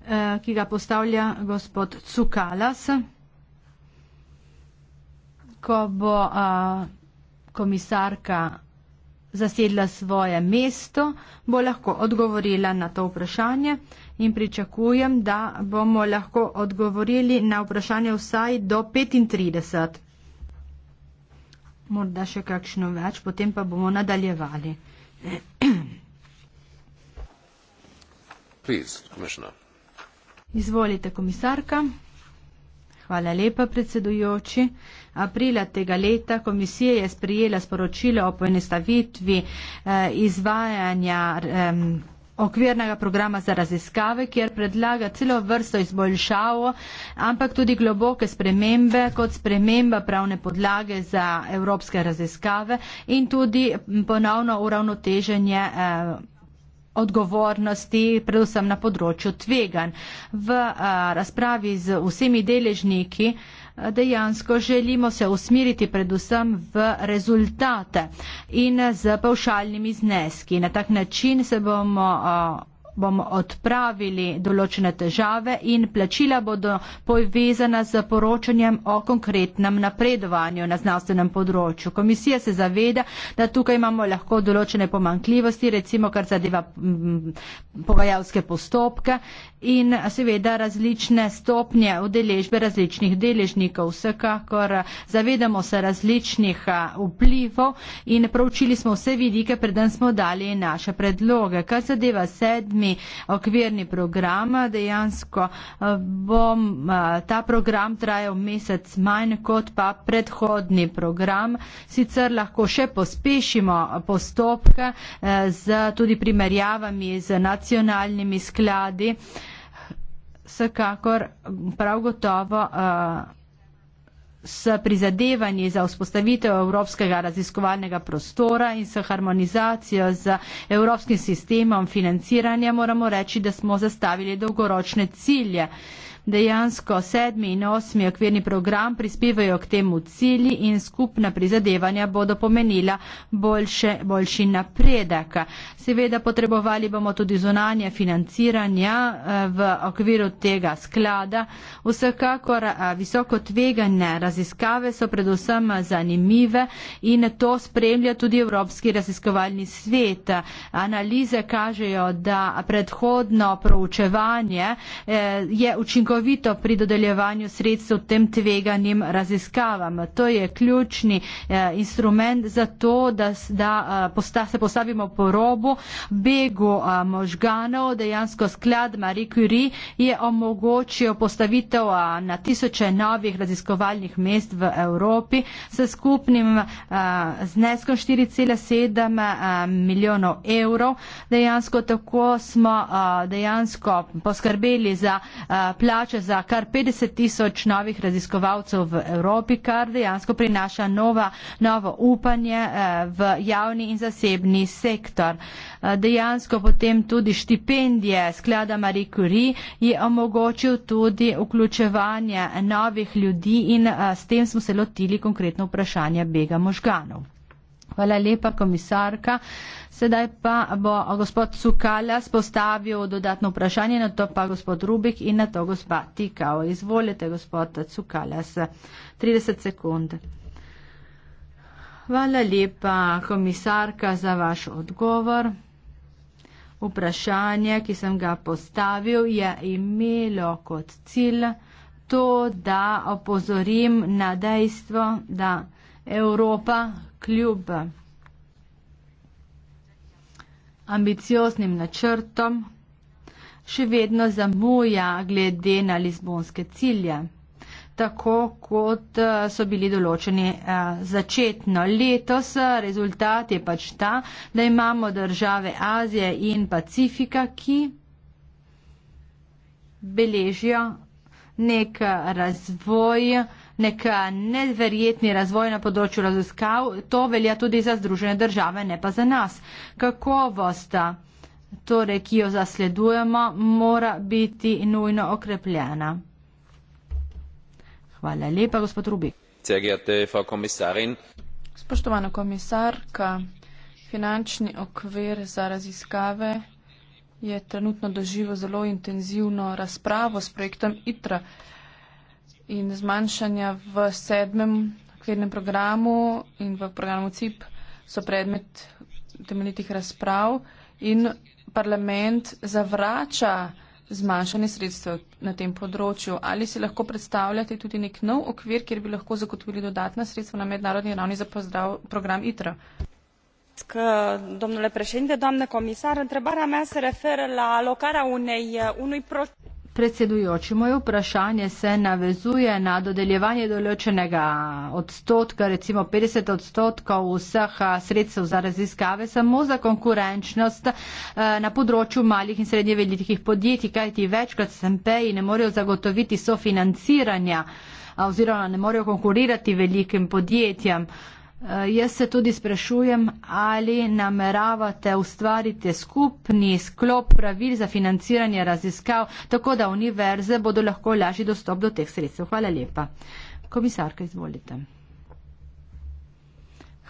Eh, ki ga postavlja gospod Cukalas, ko bo eh, komisarka zasedla svoje mesto, bo lahko odgovorila na to vprašanje in pričakujem, da bomo lahko odgovorili na vprašanje vsaj do 35. Morda še kakšno več, potem pa bomo nadaljevali. Please, Commissioner. Izvolite, komisarka. Hvala lepa, predsedujoči. Aprila tega leta komisija je sprijela sporočilo o poenostavitvi eh, izvajanja eh, okvirnega programa za raziskave, kjer predlaga celo vrsto izboljšav, ampak tudi globoke spremembe kot sprememba pravne podlage za evropske raziskave in tudi ponovno uravnoteženje. Eh, odgovornosti, predvsem na področju tvegan. V a, razpravi z vsemi deležniki a, dejansko želimo se usmiriti predvsem v rezultate in z pavšalnimi zneski. Na tak način se bomo a, bomo odpravili določene težave in plačila bodo povezana z poročanjem o konkretnem napredovanju na znanstvenem področju. Komisija se zaveda, da tukaj imamo lahko določene pomankljivosti, recimo kar zadeva mm, pogajalske postopke in seveda različne stopnje udeležbe različnih deležnikov. Vsekakor zavedamo se različnih vplivov in proučili smo vse vidike, preden smo dali naše predloge. Kar zadeva sedmi sedmi okvirni program. Dejansko eh, bo eh, ta program trajal mesec manj kot pa predhodni program. Sicer lahko še pospešimo eh, postopke z tudi primerjavami z nacionalnimi skladi. Vsekakor prav gotovo. Uh, s prizadevanji za vzpostavitev evropskega raziskovalnega prostora in s harmonizacijo z evropskim sistemom financiranja moramo reči, da smo zastavili dolgoročne cilje dejansko sedmi in osmi okvirni program prispevajo k temu cilji in skupna prizadevanja bodo pomenila boljše, boljši napredek. Seveda potrebovali bomo tudi zunanje financiranja eh, v okviru tega sklada. Vsekakor eh, visoko tvegane raziskave so predvsem zanimive in to spremlja tudi Evropski raziskovalni svet. Analize kažejo, da predhodno proučevanje eh, je učinkovito učinkovito pri dodeljevanju sredstev tem tveganim raziskavam. To je ključni eh, instrument za to, da, da eh, posta, se postavimo po robu begu eh, možganov. Dejansko sklad Marie Curie je omogočil postavitev eh, na tisoče novih raziskovalnih mest v Evropi s skupnim eh, zneskom 4,7 eh, milijonov evrov. Dejansko tako smo eh, dejansko poskrbeli za eh, plač privlače za kar 50 tisoč novih raziskovalcev v Evropi, kar dejansko prinaša nova, novo upanje eh, v javni in zasebni sektor. Eh, dejansko potem tudi štipendije sklada Marie Curie je omogočil tudi vključevanje novih ljudi in eh, s tem smo se lotili konkretno vprašanja bega možganov. Hvala lepa, komisarka. Sedaj pa bo gospod Cukala spostavil dodatno vprašanje, na to pa gospod Rubik in na to gospa Tikao. Izvolite, gospod Cukala, 30 sekund. Hvala lepa, komisarka, za vaš odgovor. Vprašanje, ki sem ga postavil, je imelo kot cilj to, da opozorim na dejstvo, da Evropa kljub ambicioznim načrtom še vedno zamuja glede na lizbonske cilje, tako kot eh, so bili določeni eh, začetno. Letos eh, rezultat je pač ta, da imamo države Azije in Pacifika, ki beležijo nek razvoj, nek eh, nedverjetni razvoj na področju raziskav, to velja tudi za Združene države, ne pa za nas. Kakovost, eh, torej, ki jo zasledujemo, mora biti nujno okrepljena. Hvala lepa, gospod Rubik. Spoštovana komisarka, finančni okvir za raziskave je trenutno doživel zelo intenzivno razpravo s projektom ITRA in zmanjšanja v sedmem okvirnem programu in v programu CIP so predmet temeljitih razprav in parlament zavrača zmanjšanje sredstev na tem področju. Ali si lahko predstavljate tudi nek nov okvir, kjer bi lahko zagotovili dodatna sredstva na mednarodni ravni za pozdrav program ITRA? Domnule președinte, doamnă comisar, întrebarea mea se referă la alocarea unei, unui proces predsedujoči, moje vprašanje se navezuje na dodeljevanje določenega odstotka, recimo 50 odstotkov vseh sredstev za raziskave samo za konkurenčnost na področju malih in srednje velikih podjetij, kajti večkrat SMP-ji ne morejo zagotoviti sofinanciranja oziroma ne morejo konkurirati velikim podjetjem. Eh, jaz se tudi sprašujem, ali nameravate ustvariti skupni sklop pravil za financiranje raziskav, tako da univerze bodo lahko lažji dostop do teh sredstev. Hvala lepa. Komisarka, izvolite.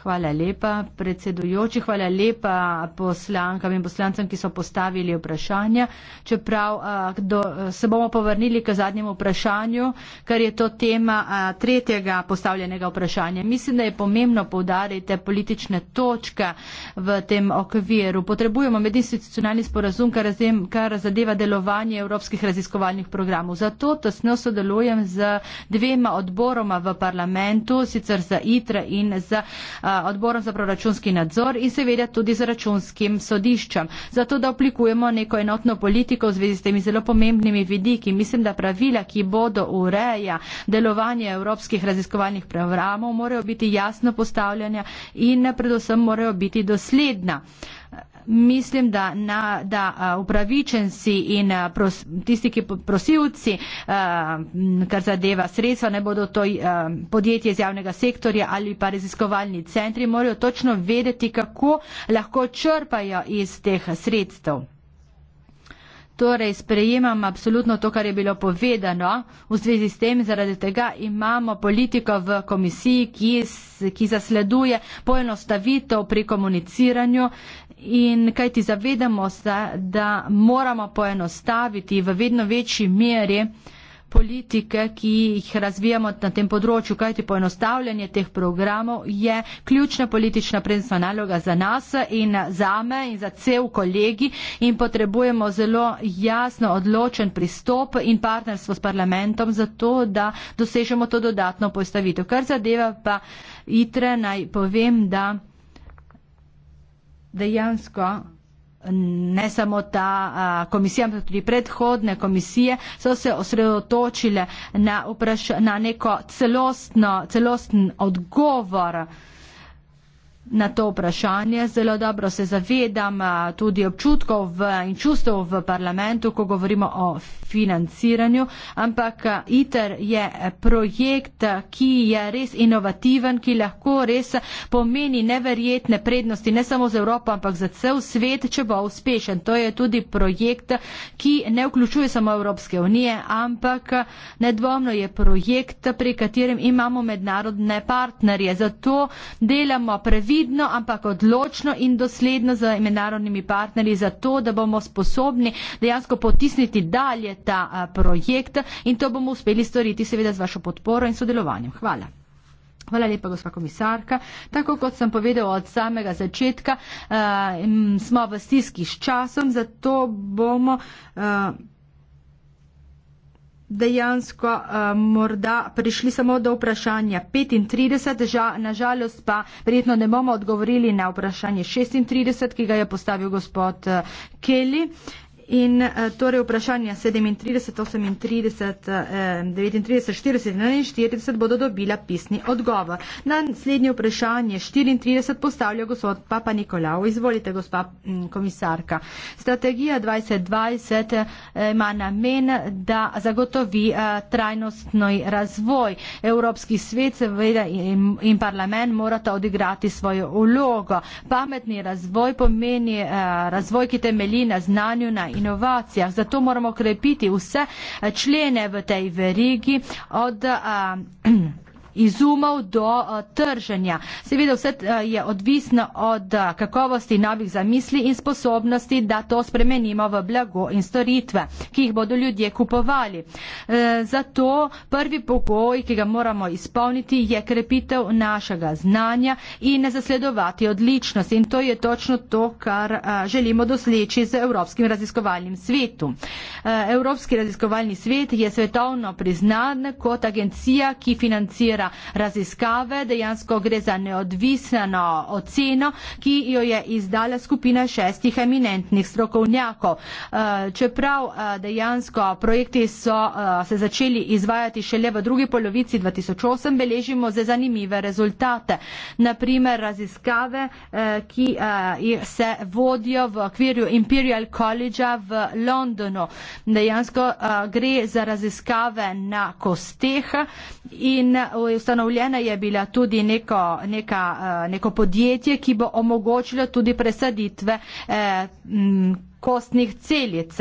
Hvala lepa, predsedujoči. Hvala lepa poslankam in poslancem, ki so postavili vprašanja. Čeprav do, se bomo povrnili k zadnjemu vprašanju, ker je to tema tretjega postavljenega vprašanja. Mislim, da je pomembno povdariti politične točke v tem okviru. Potrebujemo medinstitucionalni sporazum, kar, razim, kar zadeva delovanje evropskih raziskovalnih programov. Zato tesno sodelujem z dvema odboroma v parlamentu, sicer za ITRA in za. Uh, odborom za proračunski nadzor in seveda tudi z računskim sodiščem, zato da oblikujemo neko enotno politiko v zvezi s temi zelo pomembnimi vidiki. Mislim, da pravila, ki bodo ureja delovanje evropskih raziskovalnih programov, morajo biti jasno postavljanja in predvsem morajo biti dosledna mislim, da, na, da upravičenci in pros, tisti, ki prosilci, kar zadeva sredstva, ne bodo to podjetje iz javnega sektorja ali pa raziskovalni centri, morajo točno vedeti, kako lahko črpajo iz teh sredstev. Torej, sprejemam apsolutno to, kar je bilo povedano v zvezi s tem, zaradi tega imamo politiko v komisiji, ki, ki zasleduje poenostavitev pri komuniciranju. Eh, in kaj ti zavedamo se, da moramo poenostaviti v vedno večji meri politike, ki jih razvijamo na tem področju, kajti poenostavljanje teh programov je ključna politična prednostna naloga za nas in za me in za cel kolegi in potrebujemo zelo jasno odločen pristop in partnerstvo s parlamentom za to, da dosežemo to dodatno postavitev. Kar zadeva pa itre, naj povem, da dejansko ne samo ta a, komisija, ampak tudi predhodne komisije so se osredotočile na, vpraš, na neko celostno, celosten odgovor na to vprašanje. Zelo dobro se zavedam tudi občutkov in čustev v parlamentu, ko govorimo o financiranju, ampak ITER je projekt, ki je res inovativen, ki lahko res pomeni neverjetne prednosti ne samo za Evropo, ampak za cel svet, če bo uspešen. To je tudi projekt, ki ne vključuje samo Evropske unije, ampak nedvomno je projekt, pri katerem imamo mednarodne partnerje. Zato delamo previdno, rigidno, ampak odločno in dosledno z mednarodnimi partnerji za to, da bomo sposobni dejansko potisniti dalje ta projekt in to bomo uspeli storiti seveda z vašo podporo in sodelovanjem. Hvala. Hvala lepa, gospa komisarka. Tako kot sem povedal od samega začetka, uh, smo v stiski s časom, zato bomo. Uh, dejansko uh, morda prišli samo do vprašanja 35, ža, nažalost pa verjetno ne bomo odgovorili na vprašanje 36, ki ga je postavil gospod uh, Kelly. Uh, In eh, torej vprašanja 37, 38, 39, 40 in 41 bodo dobila pisni odgovor. Naslednje vprašanje 34 postavlja gospod Papa Nikolao. Izvolite, gospa komisarka. Strategija 2020 eh, ima namen, da zagotovi eh, trajnostni razvoj. Evropski svet seveda in parlament morata odigrati svojo ulogo. Pametni razvoj pomeni razvoj, ki temelji na znanju, na inovaciji inovacijah. Zato moramo krepiti vse člene v tej verigi od a, izumov do eh, trženja. Seveda vse eh, je odvisno od eh, kakovosti novih zamisli in sposobnosti, da to spremenimo v blago in storitve, ki jih bodo ljudje kupovali. Zato prvi pogoj, ki ga moramo izpolniti, je krepitev našega znanja in ne zasledovati odličnost. In to je točno to, kar želimo dosleči z Evropskim raziskovalnim svetu. Evropski raziskovalni svet je svetovno priznan kot agencija, ki financira novinarja raziskave, dejansko gre za neodvisno oceno, ki jo je izdala skupina šestih eminentnih strokovnjakov. Eh, čeprav eh, dejansko projekti so eh, se začeli izvajati šele v drugi polovici 2008, beležimo za zanimive rezultate. Naprimer, raziskave, ki se vodijo v okviru Imperial College v Londonu. Dejansko gre za raziskave na kosteh in v ustanovljena je bila tudi neko, neka, eh, neko podjetje, ki bo omogočilo tudi presaditve eh, kostnih celic.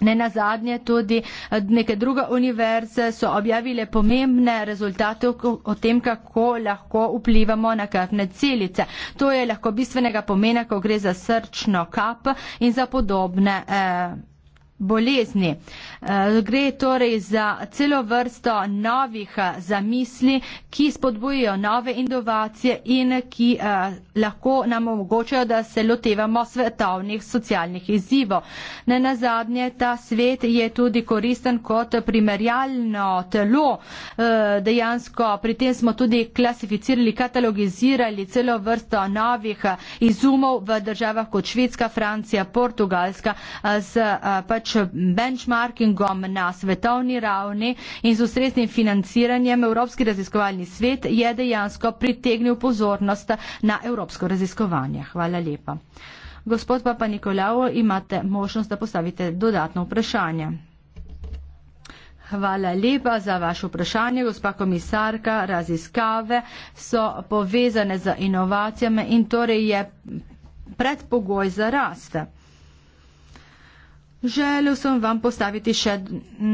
Ne na zadnje tudi eh, neke druge univerze so objavile pomembne rezultate o tem, kako lahko vplivamo na krvne celice. To je lahko bistvenega pomena, ko gre za srčno kap in za podobne. Eh, bolezni. Eh, gre torej za celo vrsto novih eh, zamisli, ki spodbujajo nove inovacije in ki eh, lahko nam omogočajo, da se lotevamo svetovnih socialnih izzivov. Na nazadnje ta svet je tudi koristen kot primerjalno telo. Dejansko pri tem smo tudi klasificirali, katalogizirali celo vrsto novih izumov v državah kot Švedska, Francija, Portugalska z pač benchmarkingom na svetovni ravni in z ustreznim financiranjem Evropski raziskovalni svet je dejansko pritegnil pozornost na evropsko raziskovanje. Hvala lepa. Gospod Papa Nikolao, imate možnost, da postavite dodatno vprašanje. Hvala lepa za vaše vprašanje, gospa komisarka. Raziskave so povezane z inovacijami in torej je predpogoj za rast. Želel sem vam postaviti še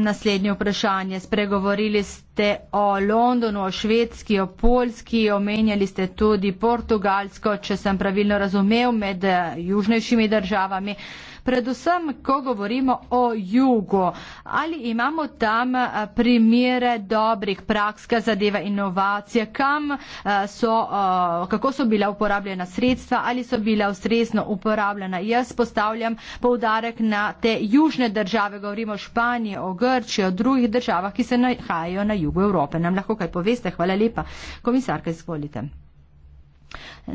naslednje vprašanje. Spregovorili ste o Londonu, o Švedski, o Poljski, omenjali ste tudi Portugalsko, če sem pravilno razumel, med eh, južnejšimi državami. Uh, predvsem, ko govorimo o jugu. Ali imamo tam eh, primere dobrih praks, kar zadeva inovacije, kam eh, so, eh, kako so bila uporabljena sredstva, ali so bila ustrezno uporabljena. Jaz postavljam poudarek na te južne države, govorimo o Španiji, o Grčiji, o drugih državah, ki se nahajajo na jugu Evrope. Nam lahko kaj poveste? Hvala lepa. Komisarka, izvolite.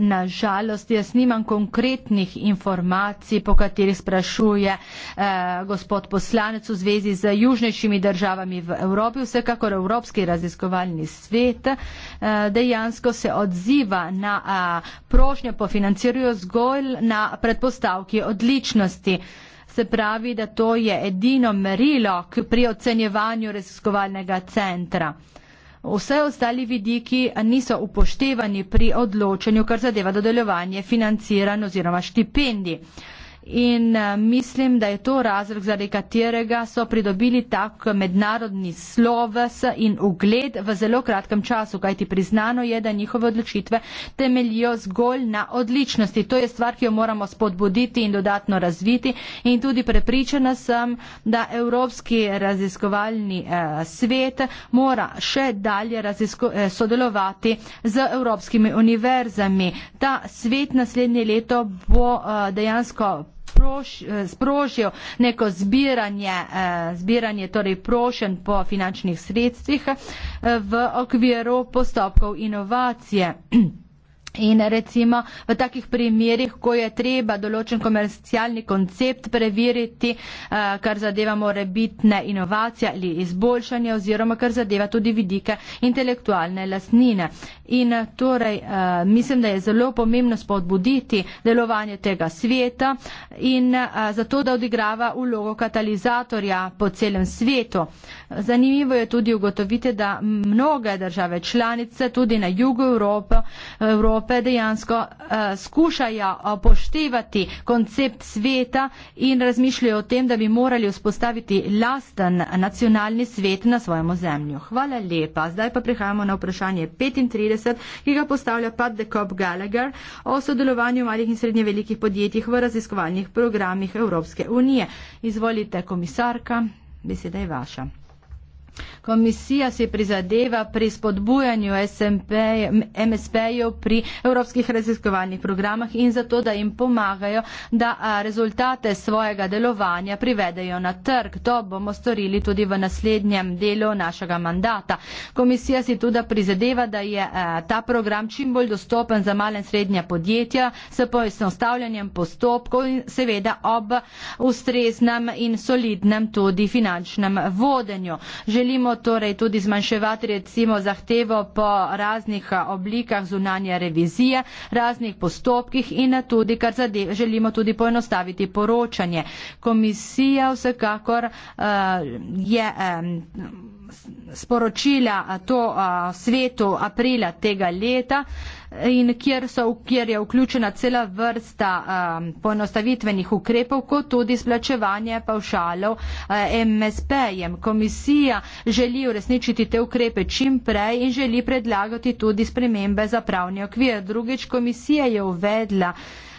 Nažalost, jaz nimam konkretnih informacij, po katerih sprašuje eh, gospod poslanec v zvezi z južnejšimi državami v Evropi. Vsekakor Evropski raziskovalni svet eh, dejansko se odziva na eh, prošnjo po financiranju zgolj na predpostavki odličnosti. Se pravi, da to je edino merilo pri ocenjevanju raziskovalnega centra. Eh, vse ostali vidiki niso upoštevani pri odločanju, kar zadeva dodeljevanje financiranja oziroma štipendij. In eh, mislim, da je to razlog, zaradi katerega so pridobili tak mednarodni sloves in ugled v zelo kratkem času, kajti priznano je, da njihove odločitve temeljijo zgolj na odličnosti. To je stvar, ki jo moramo spodbuditi in dodatno razviti. In tudi prepričana sem, da Evropski raziskovalni eh, svet mora še dalje eh, sodelovati z Evropskimi univerzami. Ta svet naslednje leto bo dejansko Eh, sprožil neko zbiranje, eh, zbiranje torej prošen po finančnih sredstvih eh, v okviru postopkov inovacije. In recimo v takih primerjih, ko je treba določen komercialni koncept preveriti, eh, kar zadeva morebitne inovacije ali izboljšanje oziroma kar zadeva tudi vidike intelektualne lasnine. In eh, torej eh, mislim, da je zelo pomembno spodbuditi delovanje tega sveta in zato, da odigrava ulogo katalizatorja po celem svetu. Zanimivo je tudi ugotoviti, da mnoge države članice tudi na jugu Evrope, Evrope dejansko eh, skušajo poštevati koncept sveta in razmišljajo o tem, da bi morali vzpostaviti lasten nacionalni svet na svojemu zemlju. Hvala lepa. Zdaj pa prihajamo na vprašanje 35, ki ga postavlja Pat de Kopp Gallagher o sodelovanju malih in srednje velikih podjetjih v raziskovalnih programih Evropske unije. Izvolite, komisarka, beseda je vaša. Komisija si prizadeva pri spodbujanju MSP-jev pri evropskih raziskovalnih programah in zato, da jim pomagajo, da rezultate svojega delovanja privedejo na trg. To bomo storili tudi v naslednjem delu našega mandata. Komisija si tudi prizadeva, da je ta program čim bolj dostopen za male in srednje podjetja s poenostavljanjem postopkov in seveda ob ustreznem in solidnem tudi finančnem vodenju. Želim želimo torej tudi zmanjševati recimo zahtevo po raznih oblikah zunanja revizije, raznih postopkih in tudi, kar zadev, želimo tudi poenostaviti poročanje. Komisija vsekakor uh, je. Um, sporočila to a, svetu aprila tega leta. A, in kjer, so, kjer je vključena cela vrsta um, ponostavitvenih ukrepov, kot tudi splačevanje pavšalov uh, eh, MSP-jem. Komisija želi uresničiti te ukrepe čim prej in želi predlagati tudi spremembe za pravni okvir. Drugič, komisija je uvedla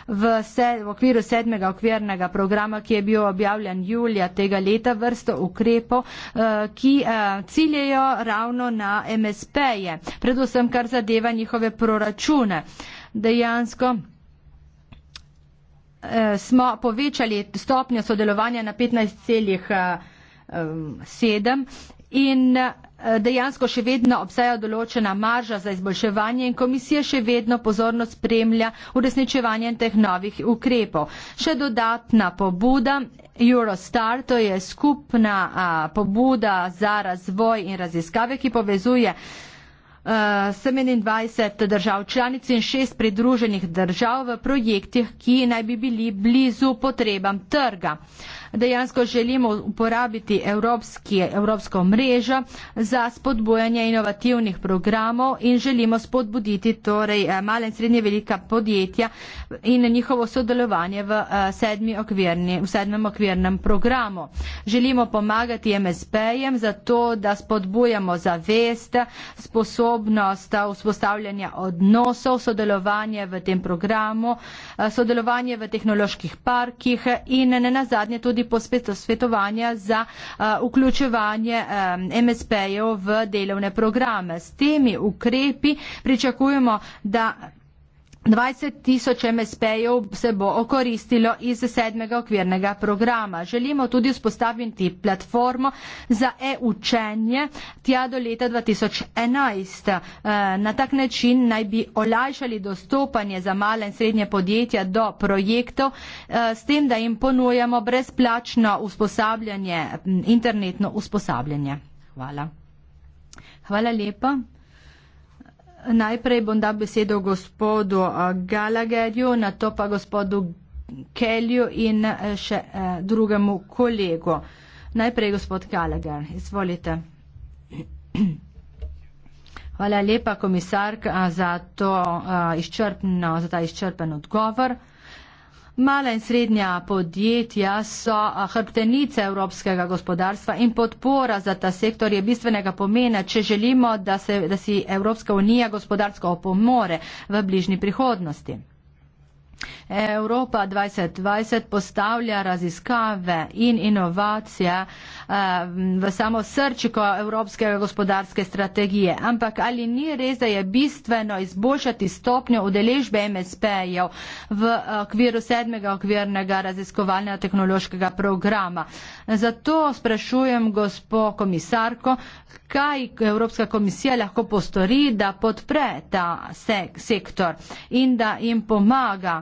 v, se, v okviru sedmega okvirnega programa, ki je bil objavljen julija tega leta, vrsto ukrepov, eh, ki eh, ciljejo ravno na MSP-je, predvsem kar zadeva njihove proračune. Dejansko eh, smo povečali stopnjo sodelovanja na 15,7 in dejansko še vedno obstaja določena marža za izboljševanje in komisija še vedno pozorno spremlja uresničevanje teh novih ukrepov. Še dodatna pobuda. Eurostar, to je skupna a, pobuda za razvoj in raziskave, ki povezuje a, 27 držav članic in šest pridruženih držav v projektih, ki naj bi bili blizu potrebam trga dejansko želimo uporabiti evropski, evropsko mrežo za spodbujanje inovativnih programov in želimo spodbuditi torej eh, male in srednje velika podjetja in njihovo sodelovanje v, eh, sedmi okvirni, v sedmem okvirnem programu. Želimo pomagati MSP-jem za to, da spodbujamo zavest, sposobnost eh, vzpostavljanja odnosov, sodelovanje v tem programu, sodelovanje v tehnoloških parkih in ne nazadnje tudi tudi posvetovanja za eh, vključevanje eh, MSP-jev v delovne programe. S temi ukrepi pričakujemo, da 20 tisoč MSP-jev se bo okoristilo iz sedmega okvirnega programa. Želimo tudi vzpostaviti platformo za e-učenje tja do leta 2011. Eh, na tak način naj bi olajšali dostopanje za male in srednje podjetja do projektov eh, s tem, da jim ponujamo brezplačno usposabljanje, internetno usposabljanje. Hvala. Hvala lepa. Najprej bom dal besedo gospodu eh, Galagerju, na to pa gospodu Kelju in eh, še eh, drugemu kolegu. Najprej gospod Galager, izvolite. Hvala lepa komisarka za, to, uh, za ta izčrpen odgovor. Uh, Mala in srednja podjetja so hrbtenice evropskega gospodarstva in podpora za ta sektor je bistvenega pomena, če želimo, da, se, da si Evropska unija gospodarsko opomore v bližnji prihodnosti. Evropa 2020 postavlja raziskave in inovacije eh, v samo srčiko Evropske gospodarske strategije. Ampak ali ni res, da je bistveno izboljšati stopnjo udeležbe MSP-jev v okviru sedmega okvirnega raziskovalnega tehnološkega programa? Zato sprašujem gospo komisarko, kaj Evropska komisija lahko postori, da podpre ta sek sektor in da jim pomaga,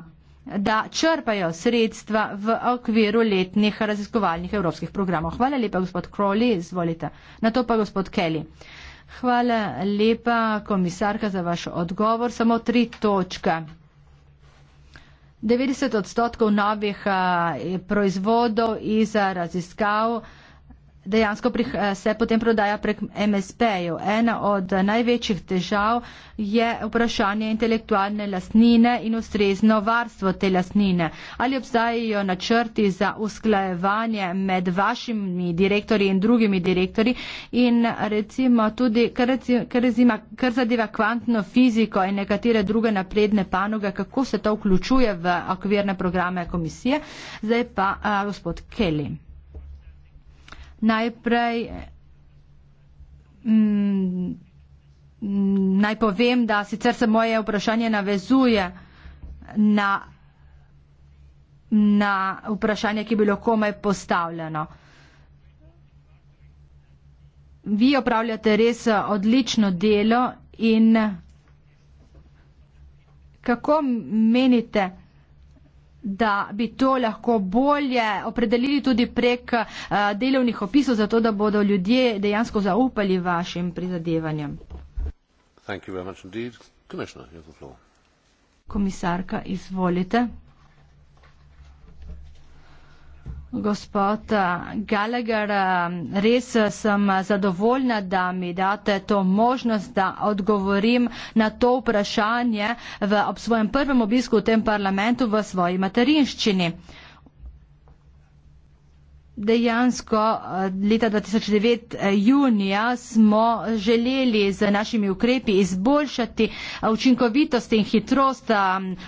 da črpajo sredstva v okviru letnih raziskovalnih evropskih programov. Hvala lepa, gospod Crowley, izvolite. Na to pa gospod Kelly. Hvala lepa, komisarka, za vaš odgovor. Samo tri točke. 90 odstotkov novih eh, proizvodov iz eh, raziskav dejansko prih, eh, se potem prodaja prek MSP-ju. Ena od največjih težav je vprašanje intelektualne lasnine in ustrezno varstvo te lasnine. Ali obstajajo načrti za usklajevanje med vašimi direktori in drugimi direktori in recimo tudi, kar, recimo, kar, recimo, kar zadeva kvantno fiziko in nekatere druge napredne panoge, kako se to vključuje v okvirne programe komisije. Zdaj pa a, eh, gospod Kelly. Najprej mm, naj povem, da sicer se moje vprašanje navezuje na, na vprašanje, ki je bilo komaj postavljeno. Vi opravljate res odlično delo in kako menite, da bi to lahko bolje opredelili tudi prek eh, delovnih opisov, zato da bodo ljudje dejansko zaupali vašim prizadevanjem. Komisarka, izvolite. Gospod eh, Gallagher, eh, res eh, sem zadovoljna, da mi date to možnost, da odgovorim na to vprašanje v, ob svojem prvem obisku v tem parlamentu v svoji materinščini. Dejansko leta 2009 junija smo želeli z našimi ukrepi izboljšati učinkovitost in hitrost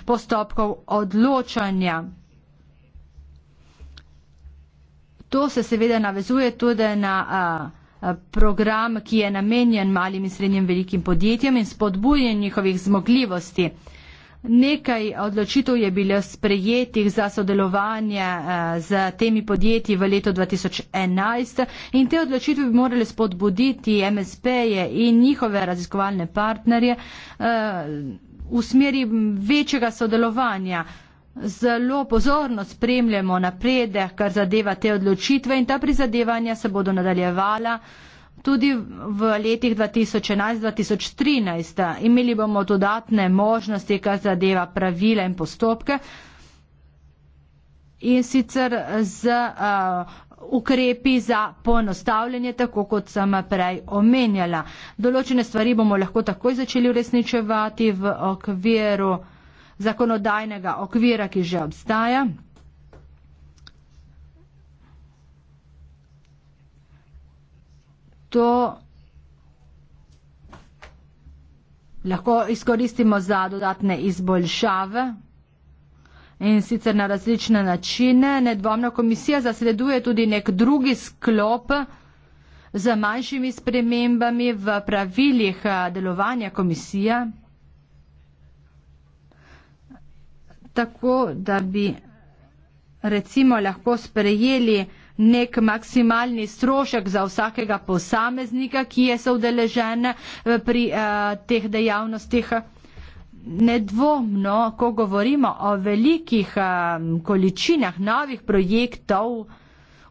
postopkov odločanja. To se seveda navezuje tudi na a, program, ki je namenjen malim in srednjim velikim podjetjem in spodbuje njihovih zmogljivosti. Nekaj odločitev je bilo sprejetih za sodelovanje z temi podjetji v letu 2011 in te odločitve bi morali spodbuditi MSP-je in njihove raziskovalne partnerje v smeri večjega sodelovanja zelo pozorno spremljamo naprede, kar zadeva te odločitve in ta prizadevanja se bodo nadaljevala tudi v letih 2011-2013. Imeli bomo dodatne možnosti, kar zadeva pravila in postopke in sicer z uh, ukrepi za ponostavljanje, tako kot sem prej omenjala. Določene stvari bomo lahko takoj začeli uresničevati v okviru uh, zakonodajnega okvira, ki že obstaja. To lahko izkoristimo za dodatne izboljšave in sicer na različne načine. Nedvomno komisija zasleduje tudi nek drugi sklop z manjšimi spremembami v pravilih eh, delovanja komisije. tako, da bi recimo lahko sprejeli nek maksimalni strošek za vsakega posameznika, ki je se udeležen eh, pri uh, teh dejavnostih. Nedvomno, ko govorimo o velikih um, količinah novih projektov,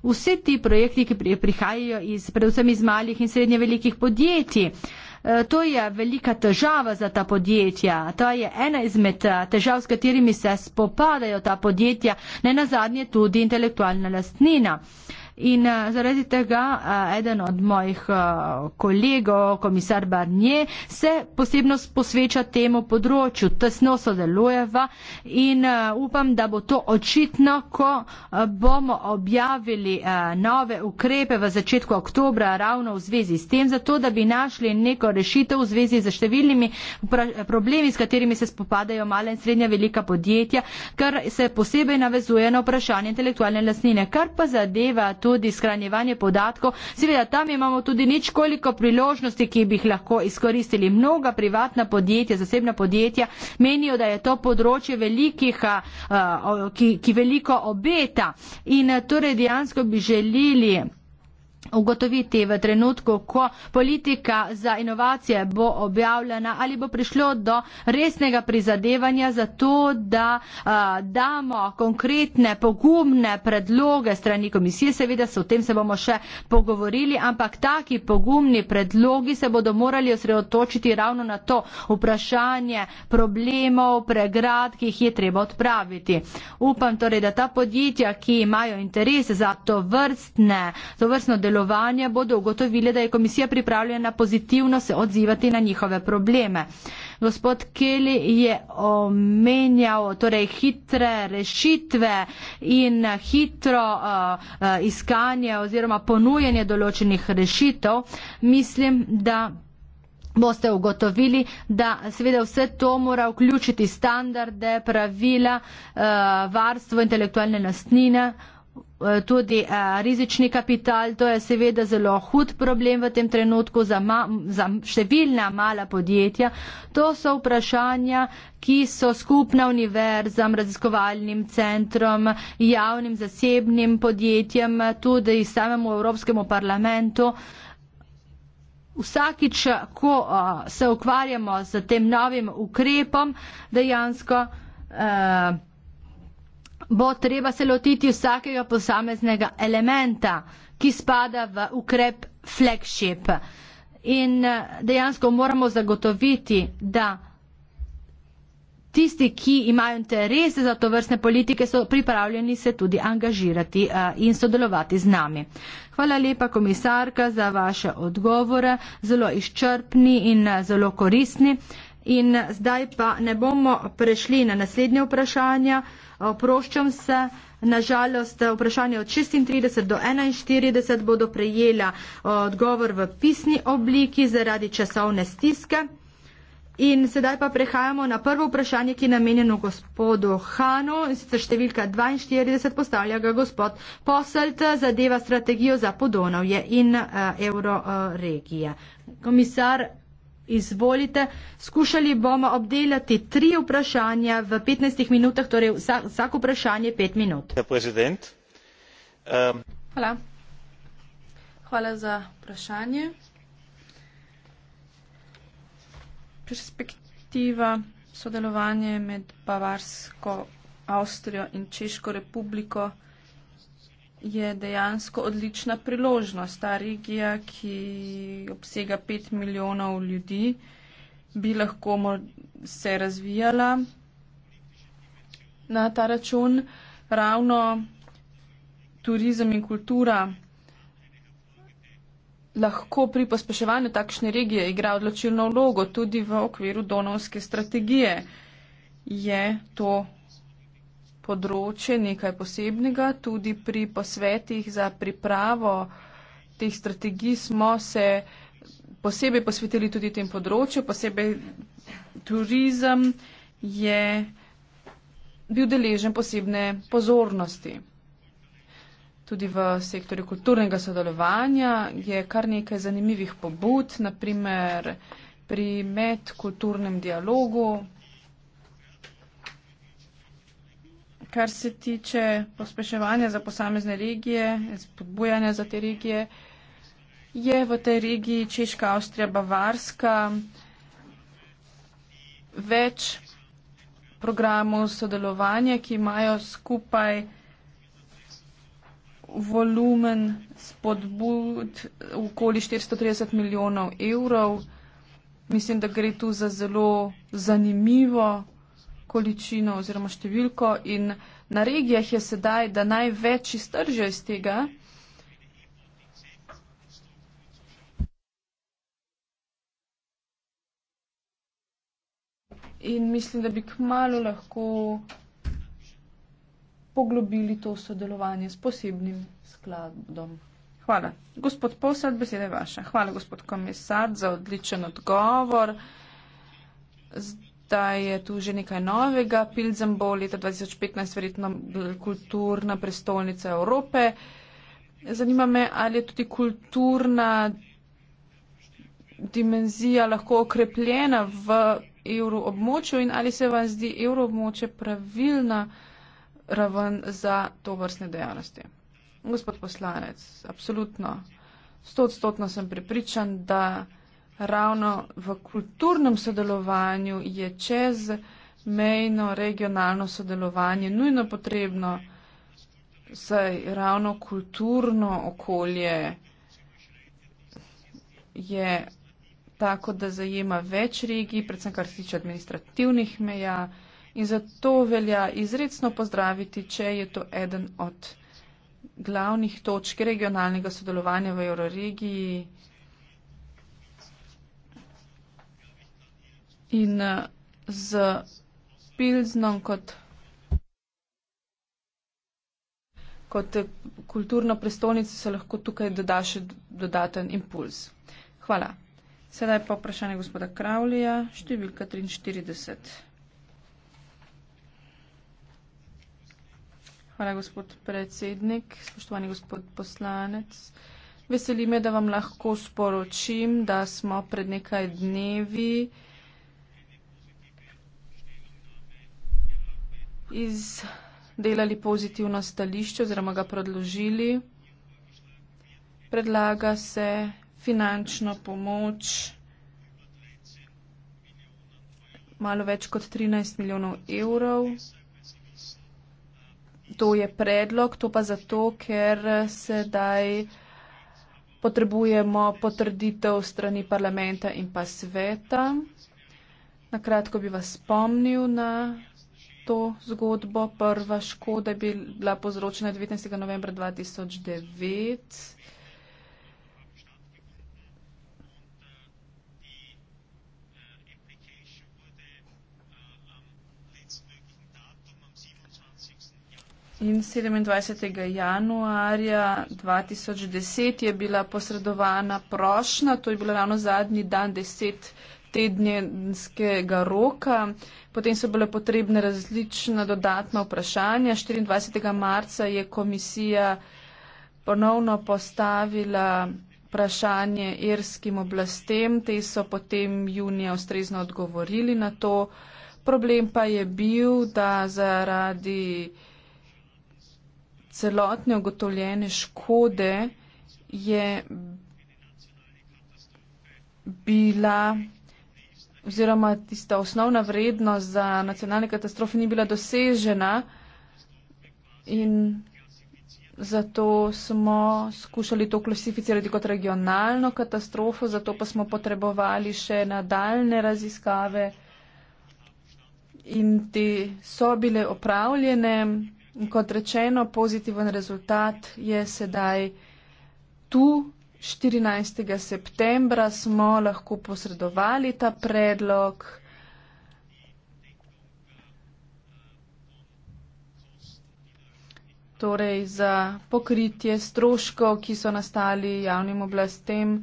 vse ti projekti, ki prihajajo iz, predvsem iz malih in srednje velikih podjetij, uh, Eh, to je velika težava za ta podjetja. To je ena izmed eh, težav, s katerimi se spopadajo ta podjetja, ne nazadnje tudi intelektualna lastnina. In uh, zaradi tega uh, eden od mojih uh, kolegov, komisar Barnier, se posebno posveča temu področju, tesno sodelujeva in uh, upam, da bo to očitno, ko uh, bomo objavili uh, nove ukrepe v začetku oktobra ravno v zvezi s tem, zato da bi našli neko rešitev v zvezi z številnimi problemi, s katerimi se spopadajo male in srednja velika podjetja, kar se posebej navezuje na vprašanje intelektualne lasnine, kar pa zadeva tudi skranjevanje podatkov. Seveda tam imamo tudi nič koliko priložnosti, ki bi jih lahko izkoristili. Mnoga privatna podjetja, zasebna podjetja menijo, da je to področje velikih, a, a, ki, ki veliko obeta in a, torej dejansko bi želeli ugotoviti v trenutku, ko politika za inovacije bo objavljena ali bo prišlo do resnega prizadevanja za to, da a, damo konkretne, pogumne predloge strani komisije. Seveda se o tem se bomo še pogovorili, ampak taki pogumni predlogi se bodo morali osredotočiti ravno na to vprašanje problemov, pregrad, ki jih je treba odpraviti. Upam torej, da ta podjetja, ki imajo interes za to vrstne, to vrstno delovanje, delovanje, bodo ugotovili, da je komisija pripravljena pozitivno se odzivati na njihove probleme. Gospod Kelly je omenjal torej, hitre rešitve in hitro uh, uh, iskanje oziroma ponujanje določenih rešitev. Mislim, da boste ugotovili, da seveda vse to mora vključiti standarde, pravila, uh, varstvo intelektualne lastnine, uh, Eh, tudi uh, rizični kapital, to je seveda zelo hud problem v tem trenutku za, ma, za številna mala podjetja. To so vprašanja, ki so skupna univerzam, raziskovalnim centrom, javnim, zasebnim podjetjem, tudi samemu Evropskemu parlamentu. Vsakič, ko uh, se ukvarjamo z tem novim ukrepom, dejansko uh, bo treba se lotiti vsakega posameznega elementa, ki spada v ukrep flagship. In eh, dejansko moramo zagotoviti, da tisti, ki imajo interese za to vrstne politike, so pripravljeni se tudi angažirati eh, in sodelovati z nami. Hvala lepa, komisarka, za vaše odgovore, zelo izčrpni in eh, zelo koristni. In zdaj pa ne bomo prešli na naslednje vprašanje oproščam se. Nažalost, vprašanje od 36 do 41 bodo prejela eh, odgovor v pisni obliki zaradi časovne stiske. In sedaj pa prehajamo na prvo vprašanje, ki je namenjeno gospodu Hanu in sicer številka 42 postavlja ga gospod Poselt zadeva strategijo za Podonovje in uh, eh, Euroregije. Uh, Komisar Izvolite, skušali bomo obdelati tri vprašanja v 15 minutah, torej vsak, vsak vprašanje pet minut. Ähm, Hvala. Hvala za vprašanje. Perspektiva sodelovanja med Bavarsko, Avstrijo in Češko republiko je dejansko odlična priložnost. Ta regija, ki obsega pet milijonov ljudi, bi lahko se razvijala na ta račun. Ravno turizem in kultura lahko pri pospeševanju takšne regije igra odločilno vlogo tudi v okviru donovske strategije. Je to področje nekaj posebnega. Tudi pri posvetih za pripravo teh strategij smo se posebej posvetili tudi tem področju, posebej turizem je bil deležen posebne pozornosti. Tudi v sektorju kulturnega sodelovanja je kar nekaj zanimivih pobud, naprimer pri medkulturnem dialogu kar se tiče pospeševanja za posamezne regije, spodbujanja za te regije, je v tej regiji Češka, Avstrija, Bavarska več programov sodelovanja, ki imajo skupaj volumen spodbud okoli 430 milijonov evrov. Mislim, da gre tu za zelo zanimivo količino oziroma številko in na regijah je sedaj, da največ iztržijo iz tega. In mislim, da bi kmalo lahko poglobili to sodelovanje s posebnim skladom. Hvala. Gospod Posad, beseda je vaša. Hvala, gospod komisar, za odličen odgovor. Zdaj da je tu že nekaj novega. Pilzen bo leta 2015 verjetno kulturna prestolnica Evrope. Zanima me, ali je tudi kulturna dimenzija lahko okrepljena v evroobmočju in ali se vam zdi evroobmočje pravilna raven za to vrstne dejavnosti. Gospod poslanec, absolutno, stotstotno sem pripričan, da ravno v kulturnem sodelovanju je čezmejno regionalno sodelovanje nujno potrebno, saj ravno kulturno okolje je tako, da zajema več regij, predvsem kar se tiče administrativnih meja in zato velja izredno pozdraviti, če je to eden od glavnih točk regionalnega sodelovanja v evroregiji. in eh, z pilznom kot, kot eh, kulturno prestolnico se lahko tukaj doda še dodaten impuls. Hvala. Sedaj pa vprašanje gospoda Kravlija, številka 43. Hvala, gospod predsednik, spoštovani gospod poslanec. Veseli me, da vam lahko sporočim, da smo pred nekaj dnevi izdelali pozitivno stališče oziroma ga predložili. Predlaga se finančno pomoč malo več kot 13 milijonov evrov. To je predlog, to pa zato, ker sedaj potrebujemo potrditev strani parlamenta in pa sveta. Na kratko bi vas spomnil na to zgodbo. Prva škoda je bila povzročena 19. novembra 2009. In 27. januarja 2010 je bila posredovana prošnja, to je bila ravno zadnji dan deset tednjenskega roka. Potem so bile potrebne različna dodatna vprašanja. 24. marca je komisija ponovno postavila vprašanje irskim oblastem. Te so potem junija ustrezno odgovorili na to. Problem pa je bil, da zaradi celotne ugotovljene škode je bila oziroma tista osnovna vrednost za nacionalne katastrofe ni bila dosežena in zato smo skušali to klasificirati kot regionalno katastrofo, zato pa smo potrebovali še nadaljne raziskave in te so bile opravljene. In kot rečeno, pozitiven rezultat je sedaj tu. 14. septembra smo lahko posredovali ta predlog. Torej za pokritje stroškov, ki so nastali javnim oblastem,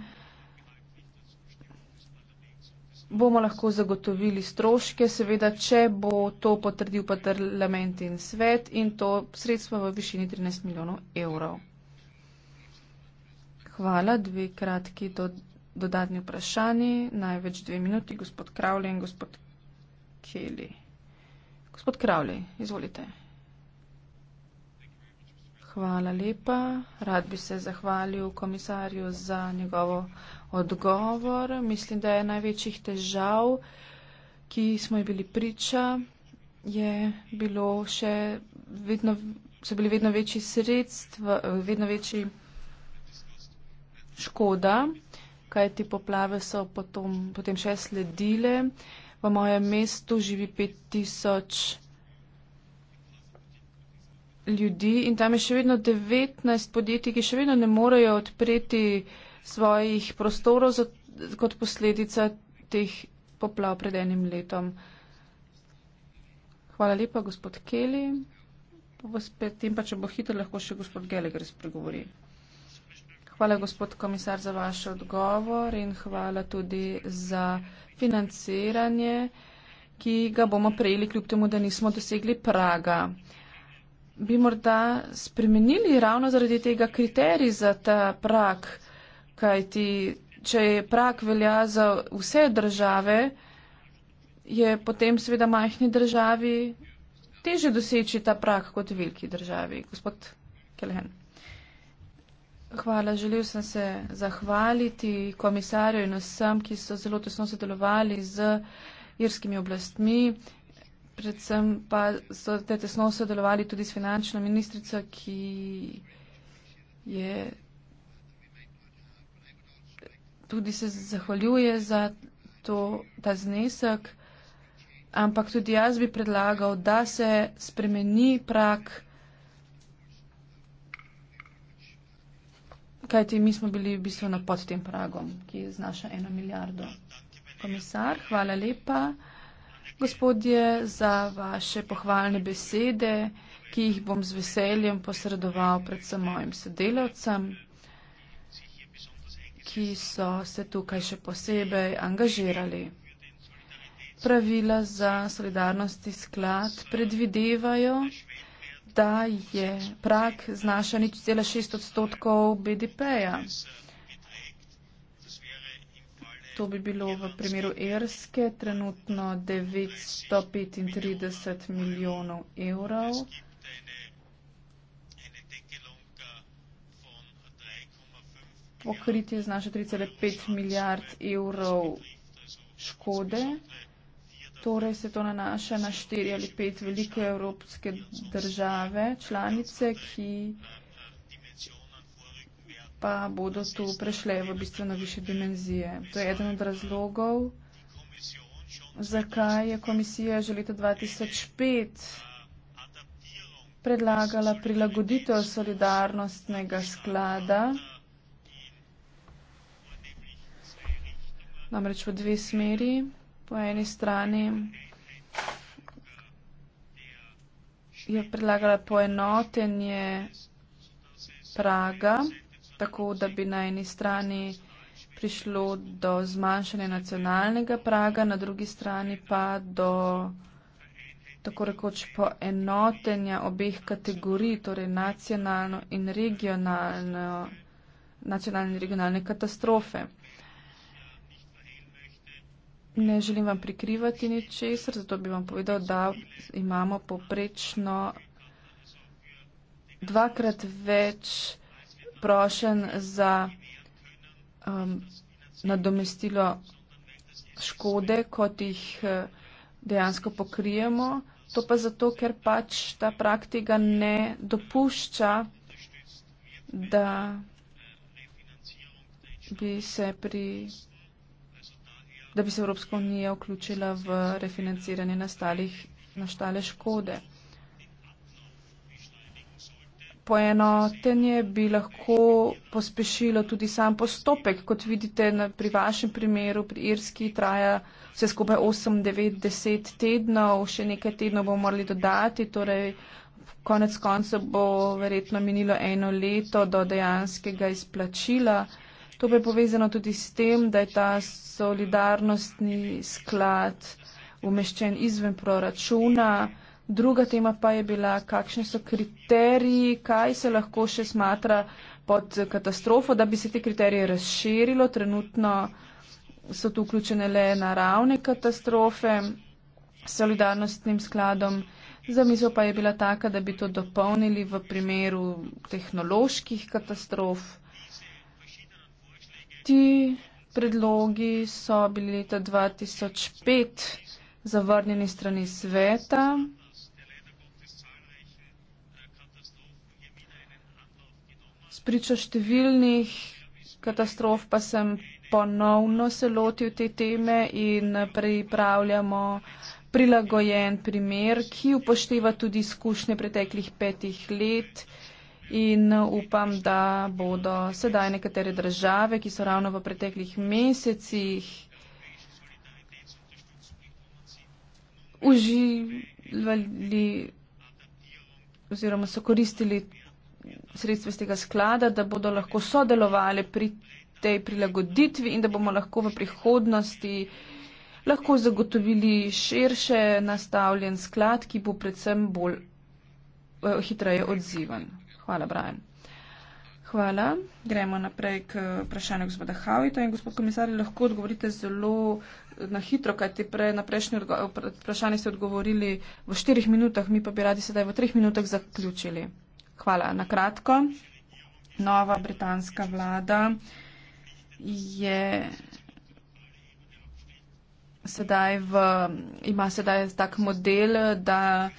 bomo lahko zagotovili stroške, seveda, če bo to potrdil parlament in svet in to sredstvo v višini 13 milijonov evrov. Hvala. Dve kratki do, dodatni vprašanji. Največ dve minuti, gospod Kravlje in gospod Keli. Gospod Kravlje, izvolite. Hvala lepa. Rad bi se zahvalil komisarju za njegovo odgovor. Mislim, da je največjih težav, ki smo jih bili priča, je bilo še vedno, so bili vedno večji sredstva, vedno večji škoda, kaj ti poplave so potom, potem še sledile. V mojem mestu živi 5000 ljudi in tam je še vedno 19 podjetij, ki še vedno ne morejo odpreti svojih prostorov za, kot posledica teh poplav pred enim letom. Hvala lepa, gospod Keli. Pa spet, in pa če bo hitro, lahko še gospod Gelegres pregovori. Hvala, gospod komisar, za vaš odgovor in hvala tudi za financiranje, ki ga bomo prejeli, kljub temu, da nismo dosegli praga. Bi morda spremenili ravno zaradi tega kriterij za ta prag, kajti če je prag velja za vse države, je potem seveda majhni državi teže doseči ta prag kot veliki državi. Gospod Kelhen. Hvala. Želel sem se zahvaliti komisarju in vsem, ki so zelo tesno sodelovali z irskimi oblastmi. Predvsem pa so te tesno sodelovali tudi s finančno ministrico, ki je tudi se zahvaljuje za to, ta znesek. Ampak tudi jaz bi predlagal, da se spremeni prak. kajti mi smo bili v bistvu na pod tem pragom, ki znaša eno milijardo. Komisar, hvala lepa. Gospodje, za vaše pohvalne besede, ki jih bom z veseljem posredoval predvsem mojim sodelavcem, ki so se tukaj še posebej angažirali. Pravila za solidarnosti sklad predvidevajo, da je prak znaša nič cela šest odstotkov BDP-ja. To bi bilo v primeru Erske trenutno 935 milijonov evrov. Pokritje znaša 3,5 milijard evrov škode. Torej se to nanaša na štiri ali pet velike evropske države, članice, ki pa bodo tu prešle v bistveno više dimenzije. To je eden od razlogov, zakaj je komisija že leta 2005 predlagala prilagoditev solidarnostnega sklada. Namreč v dve smeri po eni strani je predlagala poenotenje praga, tako da bi na eni strani prišlo do zmanjšanja nacionalnega praga, na drugi strani pa do tako rekoč poenotenja obeh kategorij, torej nacionalno in regionalno, nacionalne in regionalne katastrofe. Ne želim vam prikrivati ničesar, zato bi vam povedal, da imamo poprečno dvakrat več prošen za um, nadomestilo škode, kot jih eh, dejansko pokrijemo. To pa zato, ker pač ta praktika ne dopušča, da bi se pri da bi se Evropska unija vključila v refinanciranje nastalih, naštale škode. Poenotenje bi lahko pospešilo tudi sam postopek. Kot vidite na, pri vašem primeru, pri Irski traja vse skupaj 8, 9, 10 tednov, še nekaj tednov bomo morali dodati, torej konec konca bo verjetno minilo eno leto do dejanskega izplačila. To pa je povezano tudi s tem, da je ta solidarnostni sklad umeščen izven proračuna. Druga tema pa je bila, kakšne so kriteriji, kaj se lahko še smatra pod katastrofo, da bi se te kriterije razširilo. Trenutno so tu vključene le naravne katastrofe s solidarnostnim skladom. Zamisel pa je bila taka, da bi to dopolnili v primeru tehnoloških katastrof ti predlogi so bili leta 2005 zavrnjeni strani sveta. Spričo številnih katastrof pa sem ponovno se lotil te teme in pripravljamo prilagojen primer, ki upošteva tudi izkušnje preteklih petih let in uh, upam, da bodo sedaj nekatere države, ki so ravno v preteklih mesecih uživali oziroma so koristili sredstva iz tega sklada, da bodo lahko sodelovali pri tej prilagoditvi in da bomo lahko v prihodnosti lahko zagotovili širše nastavljen sklad, ki bo predvsem bolj eh, hitreje odzivan. Hvala, Brian. Hvala. Gremo naprej k vprašanju gospoda Havita in gospod komisar, lahko odgovorite zelo na hitro, kaj ti pre, na prejšnji vprašanje ste odgovorili v štirih minutah, mi pa bi radi sedaj v treh minutah zaključili. Hvala. Na kratko, nova britanska vlada je sedaj v, ima sedaj tak model, da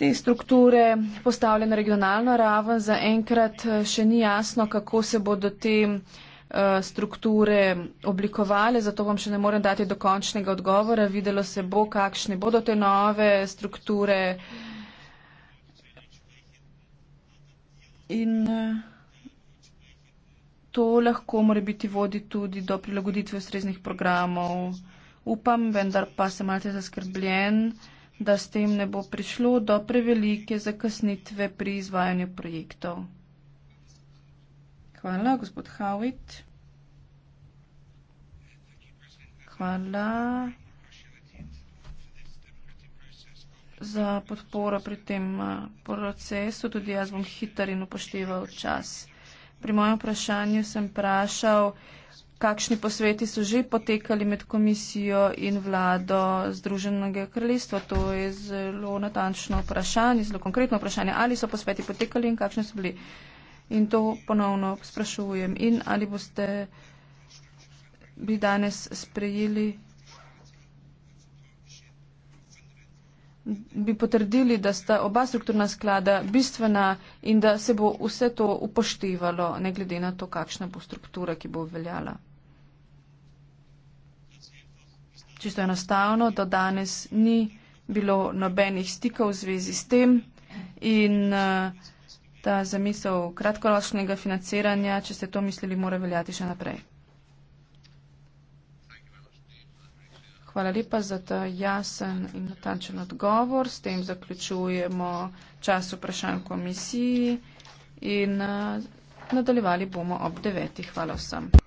te strukture postavlja na regionalno raven. Zaenkrat eh, še ni jasno, kako se bodo te eh, strukture oblikovale, zato vam še ne morem dati dokončnega odgovora. Videlo se bo, kakšne bodo te nove strukture. In eh, to lahko mora biti vodi tudi do prilagoditve ustreznih programov. Upam, vendar pa sem malce zaskrbljen da s tem ne bo prišlo do prevelike zakasnitve pri izvajanju projektov. Hvala, gospod Howitt. Hvala za podporo pri tem uh, procesu. Tudi jaz bom hitar in upošteval čas. Pri mojem vprašanju sem vprašal, kakšni posveti so že potekali med komisijo in vlado Združenega kraljestva? To je zelo natančno vprašanje, zelo konkretno vprašanje. Ali so posveti potekali in kakšni so bili? In to ponovno sprašujem. In ali boste bi danes sprejeli, bi potrdili, da sta oba strukturna sklada bistvena in da se bo vse to upoštevalo, ne glede na to, kakšna bo struktura, ki bo veljala. čisto enostavno, da danes ni bilo nobenih stikov v zvezi s tem in eh, ta zamisel kratkoročnega financiranja, če ste to mislili, mora veljati še naprej. Hvala lepa za ta jasen in natančen odgovor. S tem zaključujemo čas vprašanj komisiji in eh, nadaljevali bomo ob devetih. Hvala vsem.